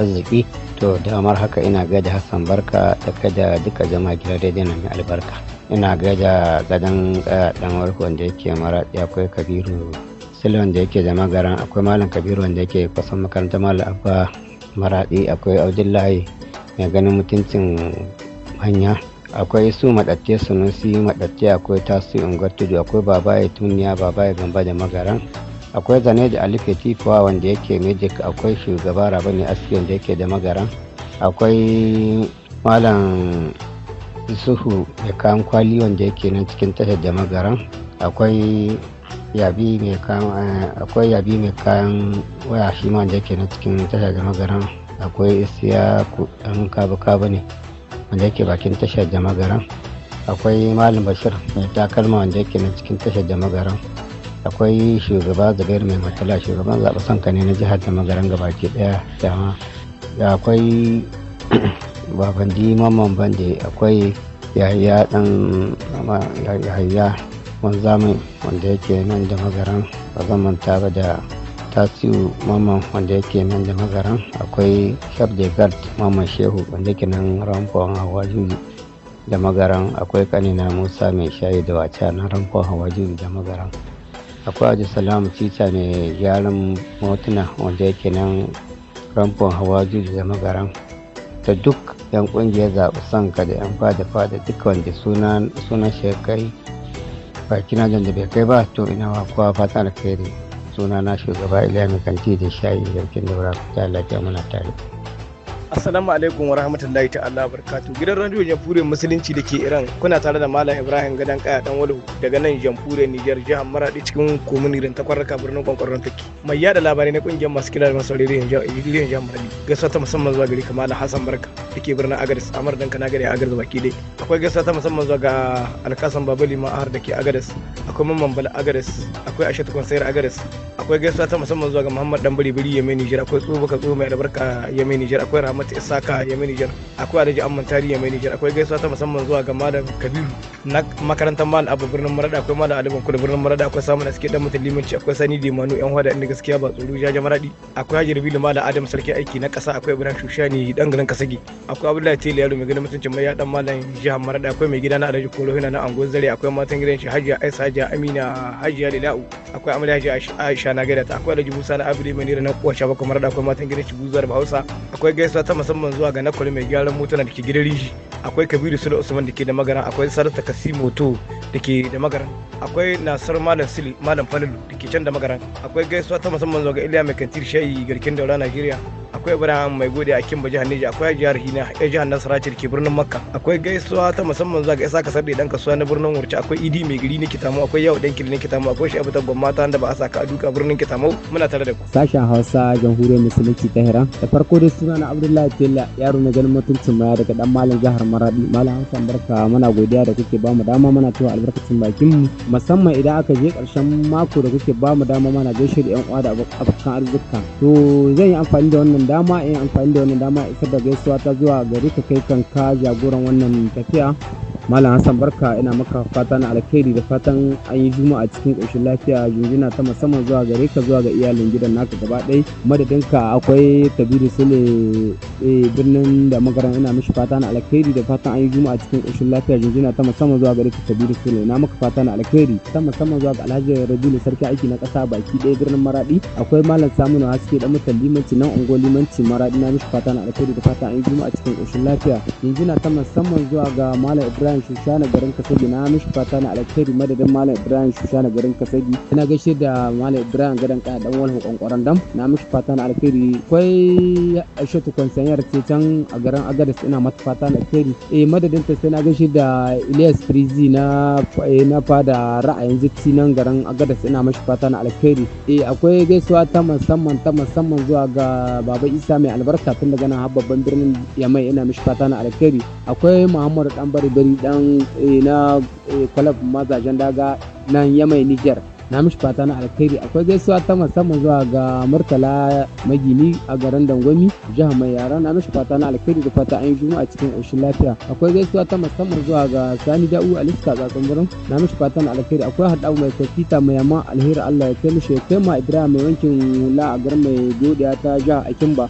arziki to damar haka ina gaida Hassan Barka da kada duka jama'a gidan rediyon mai albarka. ina gaida gadon eh, dan warko wanda yake ya akwai kabiru sule wanda yake da garan akwai malam kabiru wanda yake kusan makarantar malam abba maraɗi akwai audillahi mai ganin mutuncin hanya akwai su maɗatte sunusi maɗatte akwai tasu unguwar tudu akwai babaye tuniya babaye gamba da magaran akwai zane da alife tifuwa wanda yake magic akwai shugaba rabani aski wanda yake da magaran akwai malam isuhu mai kayan kwali wanda yake nan cikin tashar da magaran eh, akwai yabi mai kayan waya shi ma wanda yake nan cikin tashar da magaran akwai isiya ɗan kaba-kaba ne wanda yake bakin tashar da magaran akwai malam bashir mai takalma wanda yake nan cikin tashar da magaran akwai shugaba zubair mai matala shugaban zaɓe son ne na jihar da magaran gabaki ɗaya dama akwai babandi mamman bande akwai yahaya dan yahaya wanzamai wanda yake nan da magaran ba zan manta ba da tasiu mamman wanda yake nan da magaran akwai shabdegard mamman shehu wanda yake nan rampon hawa juyi da magaran akwai kanina musa mai shayi da wace na ramfon hawa juyi da magaran akwai aji salamu cica ne yaran motuna wanda yake nan rampon hawa juyi da magaran Da duk 'yan ƙungiyar zaɓi sanka da 'yan fada-fada duka wanda sunan shi kai baki na da bai kai ba to ina wa kowa fata alkhairi suna na shugaba iliya kanti da shayi yankin da wura ta lafiya muna tare. Assalamu alaikum wa rahmatullahi ta'ala barkatu. Gidan radio Jamhuriyar Musulunci da ke Iran kuna tare da Malam Ibrahim Gadan Kaya Dan Walu daga nan Jamhuriyar Nijar jihar Maradi cikin komunirin ta kwarraka birnin Kwankwaron take. Mai yada labarai na kungiyar masu kira da masu yin jihar Maradi. Gaisuwa ta musamman zuwa gari kamar Hassan Barka da ke birnin Agadez Amar Dan gari Agadez baki dai. Akwai gaisuwa ta musamman zuwa ga Alkasan Babali Ma'ar da ke Agadez. Akwai Mamman Bala Agadez. Akwai Ashatu Kwansayar Agadez. Akwai gaisuwa ta musamman zuwa ga Muhammad Dan Biri Biri Yemeni Nijar. Akwai Tsubuka Katsuwa Mai Albarka Yemeni Nijar. Akwai mata isaka ya mai niger akwai alhaji amman tarihi ya mai niger akwai gaisuwa ta musamman zuwa ga malam kabiru na makarantar malam abu birnin marada akwai malam alibin kudu birnin marada akwai samun da suke dan mutum limanci akwai sani dimanu yan hada inda gaskiya ba tsoro jaja maradi akwai hajjar bilu malam adam sarki aiki na kasa akwai ibrahim shushani dan garin kasagi akwai abdullahi tele yaro mai ganin mutuncin mai ya dan malam jihar marada akwai mai gida na alhaji kolo hina na angon zare akwai matan gidan shi hajiya aisa hajiya amina hajiya lila'u akwai amarya hajiya aisha na gaida ta akwai alhaji musa na abu mai nira na kuwa shabakon marada akwai matan gidan shi buzuwar bahausa akwai gaisuwa ta musamman zuwa ga nakwari mai gyaran motuna da ke gidan riji akwai kabiru sulu usman da ke da magana akwai sarta kasimoto da ke da magana akwai nasar malam sili malam falilu da ke can da magana akwai gaisuwa ta musamman zuwa ga iliya mai kantir shayi garkin daura nigeria akwai ibrahim mai gode a kimba jihar neja akwai jihar hina a jihar nasara ce ke birnin makka akwai gaisuwa ta musamman zuwa ga isa kasar da dan kasuwa na birnin wurce akwai idi mai gari ne kitamu akwai yau dan kiri ne kitamu akwai shabu ta gwamnati wanda ba a saka a duka birnin kitamu muna tare da ku sashen hausa jamhuriyar musulunci ta hira da farko dai suna na abdullahi Abdullahi Tela yaro na ganin mutuncin maya daga dan malam jihar Maradi malam Hassan barka mana godiya da kuke bamu dama mana cewa albarkacin bakin mu musamman idan aka je karshen mako da kuke bamu dama mana gaishe da yan uwa da abokan arzika to zan yi amfani da wannan dama in amfani da wannan dama isar da gaisuwa ta zuwa gari ka kai kanka jagoran wannan tafiya malam hassan barka ina maka fatan alkhairi da fatan an yi juma'a cikin ƙoshin lafiya jinjina ta musamman zuwa gare ka zuwa ga iyalin gidan naka gaba ɗai madadinka akwai kabiru sule eh, birnin da magaran ina mishi fatan alkhairi da fatan an yi juma'a cikin ƙoshin lafiya jinjina ta musamman zuwa gare ka kabiru sule na maka fatan alkhairi ta musamman zuwa ga alhaji ne sarki aiki na ƙasa baki ɗaya birnin maradi akwai malam saminu haske da mutan limanci nan unguwar limanci maradi na mishi fatan alkhairi da fatan an yi juma'a cikin ƙoshin lafiya jinjina ta musamman zuwa ga malam ibrahim Ibrahim Shushana garin Kasagi na mishi fata na alkhairi madadin Malam Ibrahim Shushana garin Kasagi ina gaishe da Malam Ibrahim gadan kaya dan wani kwankwaran dam na mishi fata na alkhairi kwai Aishatu Kwansanyar ce can a garin Agadez ina mata fata na alkhairi eh madadin ta sai na gaishe da Ilyas Frizi na eh, na fada ra'ayin zitti nan garin Agadez ina mishi fata na alkhairi eh akwai gaisuwa ta musamman ta musamman zuwa ga Baba Isa mai albarka tun daga nan har babban birnin Yamai ina mishi fata na alkhairi akwai Muhammadu Dan Bari Bari dan eh, na kwalab eh, mazajen daga nan yamai niger na mishi fata na alkhairi akwai gaisuwa ta musamman zuwa ga murtala magini a garin dangwami jihar mai yara na mishi fata na alkhairi da fata an yi a cikin ƙoshin lafiya akwai gaisuwa ta musamman zuwa ga sani da'u alista tsatsan birnin na mishi fata na alkhairi akwai haɗa mai tafita mai yamma alheri allah ya kai mishi ya kai ma ibrahim mai wankin hula a garin mai godiya ta jihar akimba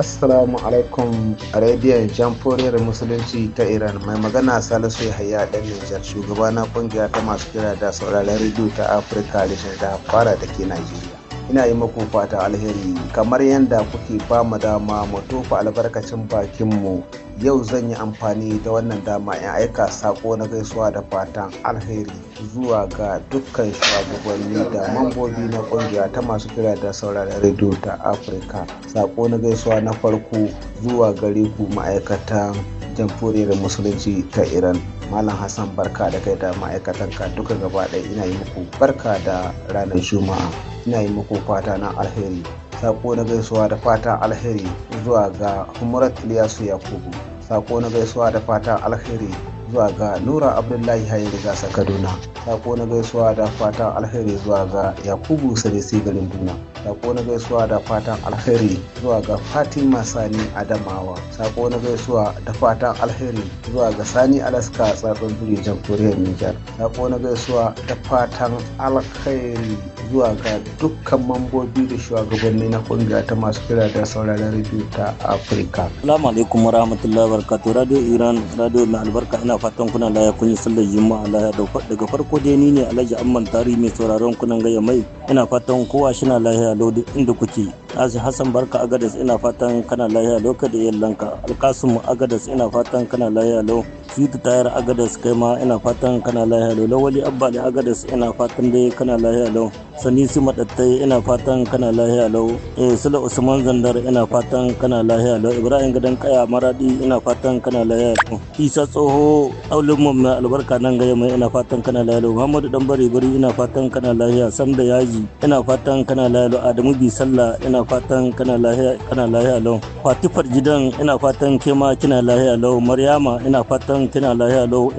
assalamu alaikum arabian jamhuriyar musulunci ta iran mai magana salisu yahaya ɗan nijar shugaba na ƙungiya ta masu kira da sauraron rediyo ta afirka da fara da ke najeriya ina yi muku fata alheri kamar yadda kuke ba mu dama mu tofa albarkacin bakin mu yau zan yi amfani da wannan dama in aika sako na gaisuwa da fatan alheri zuwa ga dukkan shugabanni da mambobi na kungiya ta masu kira da sauraron rediyo ta afirka sako na gaisuwa na farko zuwa gare ku ma'aikatan jamhuriyar musulunci ta iran malam hassan barka da kai da ka duka gaba ɗaya ina yi muku barka da ranar juma'a ina yi muku fata na alheri sako na gaisuwa da fata alheri zuwa ga humrat iliyasu yakubu sako na gaisuwa da fata alheri zuwa ga nura abdullahi hayi gasa kaduna sako na gaisuwa da fatan alheri zuwa ga yakubu sarisi garin duna sako na gaisuwa da fatan alheri zuwa ga fatima sani adamawa sako na gaisuwa da fatan alheri zuwa ga sani alaska tsatsun buri jamhuriyar nijar sako na gaisuwa da fatan alheri zuwa ga dukkan mambobi da shugabanni na kungiya ta masu kira da sauraron rediyo ta afirka salamu alaikum warahmatullahi wabarakatuh radio iran radio na albarka ina fatan kuna laya kun yi sallar juma'a laya daga farko dai ni ne alhaji amman tari mai sauraron kunan gaya mai ina fatan kowa shi na lahiya lodi inda kuke Naji Hassan Barka Agadas ina fatan kana lahiya lau ka da yallanka. Alkasum Agadas ina fatan kana lahiya lo Fitu Tayar Agadas kai ma ina fatan kana lahiya lo Lawali Abbali Agadas ina fatan dai kana lahiya lau. Sanisi Madattai ina fatan kana lahiya lo Eh Sula Usman Zandar ina fatan kana lahiya lo Ibrahim Gadan Kaya Maradi ina fatan kana lahiya lo Isa Tsoho Aulun mu mai albarka nan gaya mai ina fatan kana lahiya lo Muhammadu Dan Bari Bari ina fatan kana lahiya. sanda Yaji ina fatan kana lahiya lo Adamu Bi Sallah ina fatan kana lahiya kana lahiya lau fatifar gidan ina fatan ke ma kina lahiya lau maryama ina fatan kina lahiya lau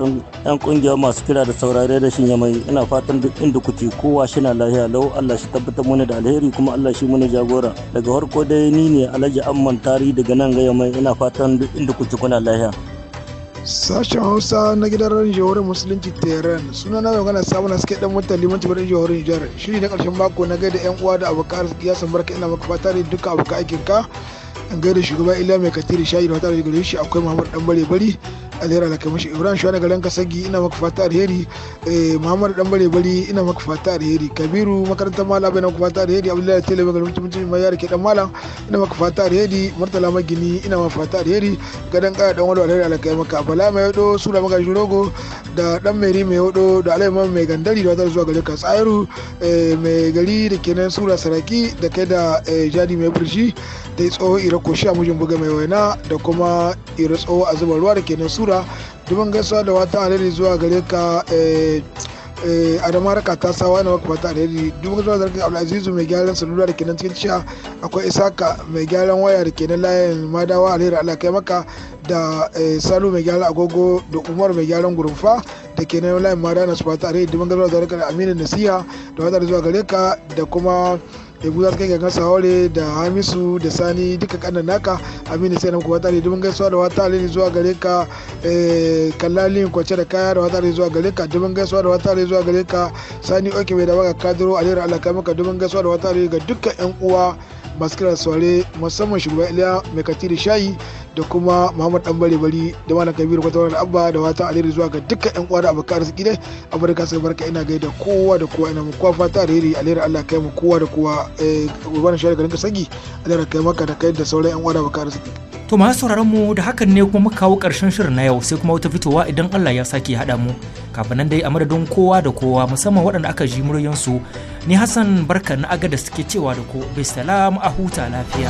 yan kungiyar masu kira da saurare da shin mai ina fatan duk inda kuke kowa shina lahiya lau Allah shi tabbatar mana da alheri kuma Allah shi mana jagora daga farko dai ni ne Alhaji Amman Tari daga nan ga mai ina fatan duk inda kuke kuna lahiya Sashen Hausa na gidan ran jihohar Musulunci Tehran suna na magana samun haske dan mutane limanci birnin jihohar Nijar shiri na karshen mako na gaida yan uwa da abokan arziki ya sambarka ina maka fata da duka abokan aikinka. ka. an gaida shugaba ila mai katiri shayi da wata da gare shi akwai muhammad dan bare bari alheri mashi. ibrahim shuwa garin kasagi ina maka fata alheri eh, muhammad dan bare bari ina maka fata alheri kabiru makarantar mala bai na maka fata alheri abdullahi tele mai garmuci mutum mai yara ke dan malam ina maka fata alheri murtala magini ina maka fata alheri gadan kaya dan wani alheri alakai maka bala mai yado sura maka shirogo da dan meri mai yado da alaiman mai gandari da wata zuwa gare ka tsayaru eh, mai gari da kenan sura saraki da kai da eh, jadi mai burshi da tsoho unguwar koshi a mujin buga mai waina da kuma iri tsawo a zuba ruwa da ke nan sura domin gaisuwa da wata alheri zuwa gare ka eh, eh, da maraka ta sawa na wakwa ta alheri domin gaisuwa da zarafin abdulazizu mai gyaran salula da ke nan cikin ciya akwai isaka mai gyaran waya da ke nan layin madawa alheri ala kai maka da eh, salu mai gyaran agogo da umar mai gyaran gurufa da ke nan layin madawa na su fata alheri domin gaisuwa da zarafin aminu nasiha da wata zuwa gare ka da kuma ya buza kai gangan sahore da hamisu da sani duka kanan naka aminu sai na kuwa tare domin gaisuwa da wata alini zuwa gare ka eh, kallalin kwace da kaya da wata alini zuwa gare ka domin gaisuwa da wata alini zuwa gare ka sani oke mai da baka kadiro alira alaka maka domin gaisuwa da wata alini ga dukkan yan uwa masu kira musamman shugaba iliya mai katiri shayi da kuma muhammad dan bare bari da malam kabiru wani abba da wata alheri zuwa ga dukkan yan uwa da abokan arziki dai amurka sai barka ina gai da kowa da kowa ina muku fata da iri alheri allah kai mu kowa da kowa eh da shari'a garin kasagi alheri kai maka da kai da sauran yan uwa da abokan arziki to ma sauraron mu da hakan ne kuma muka kawo karshen shirin na yau sai kuma wata fitowa idan allah ya sake haɗa mu kafin nan dai a madadin kowa da kowa musamman waɗanda aka ji muryansu ni hassan barka na agada suke cewa da ku salamu a huta lafiya.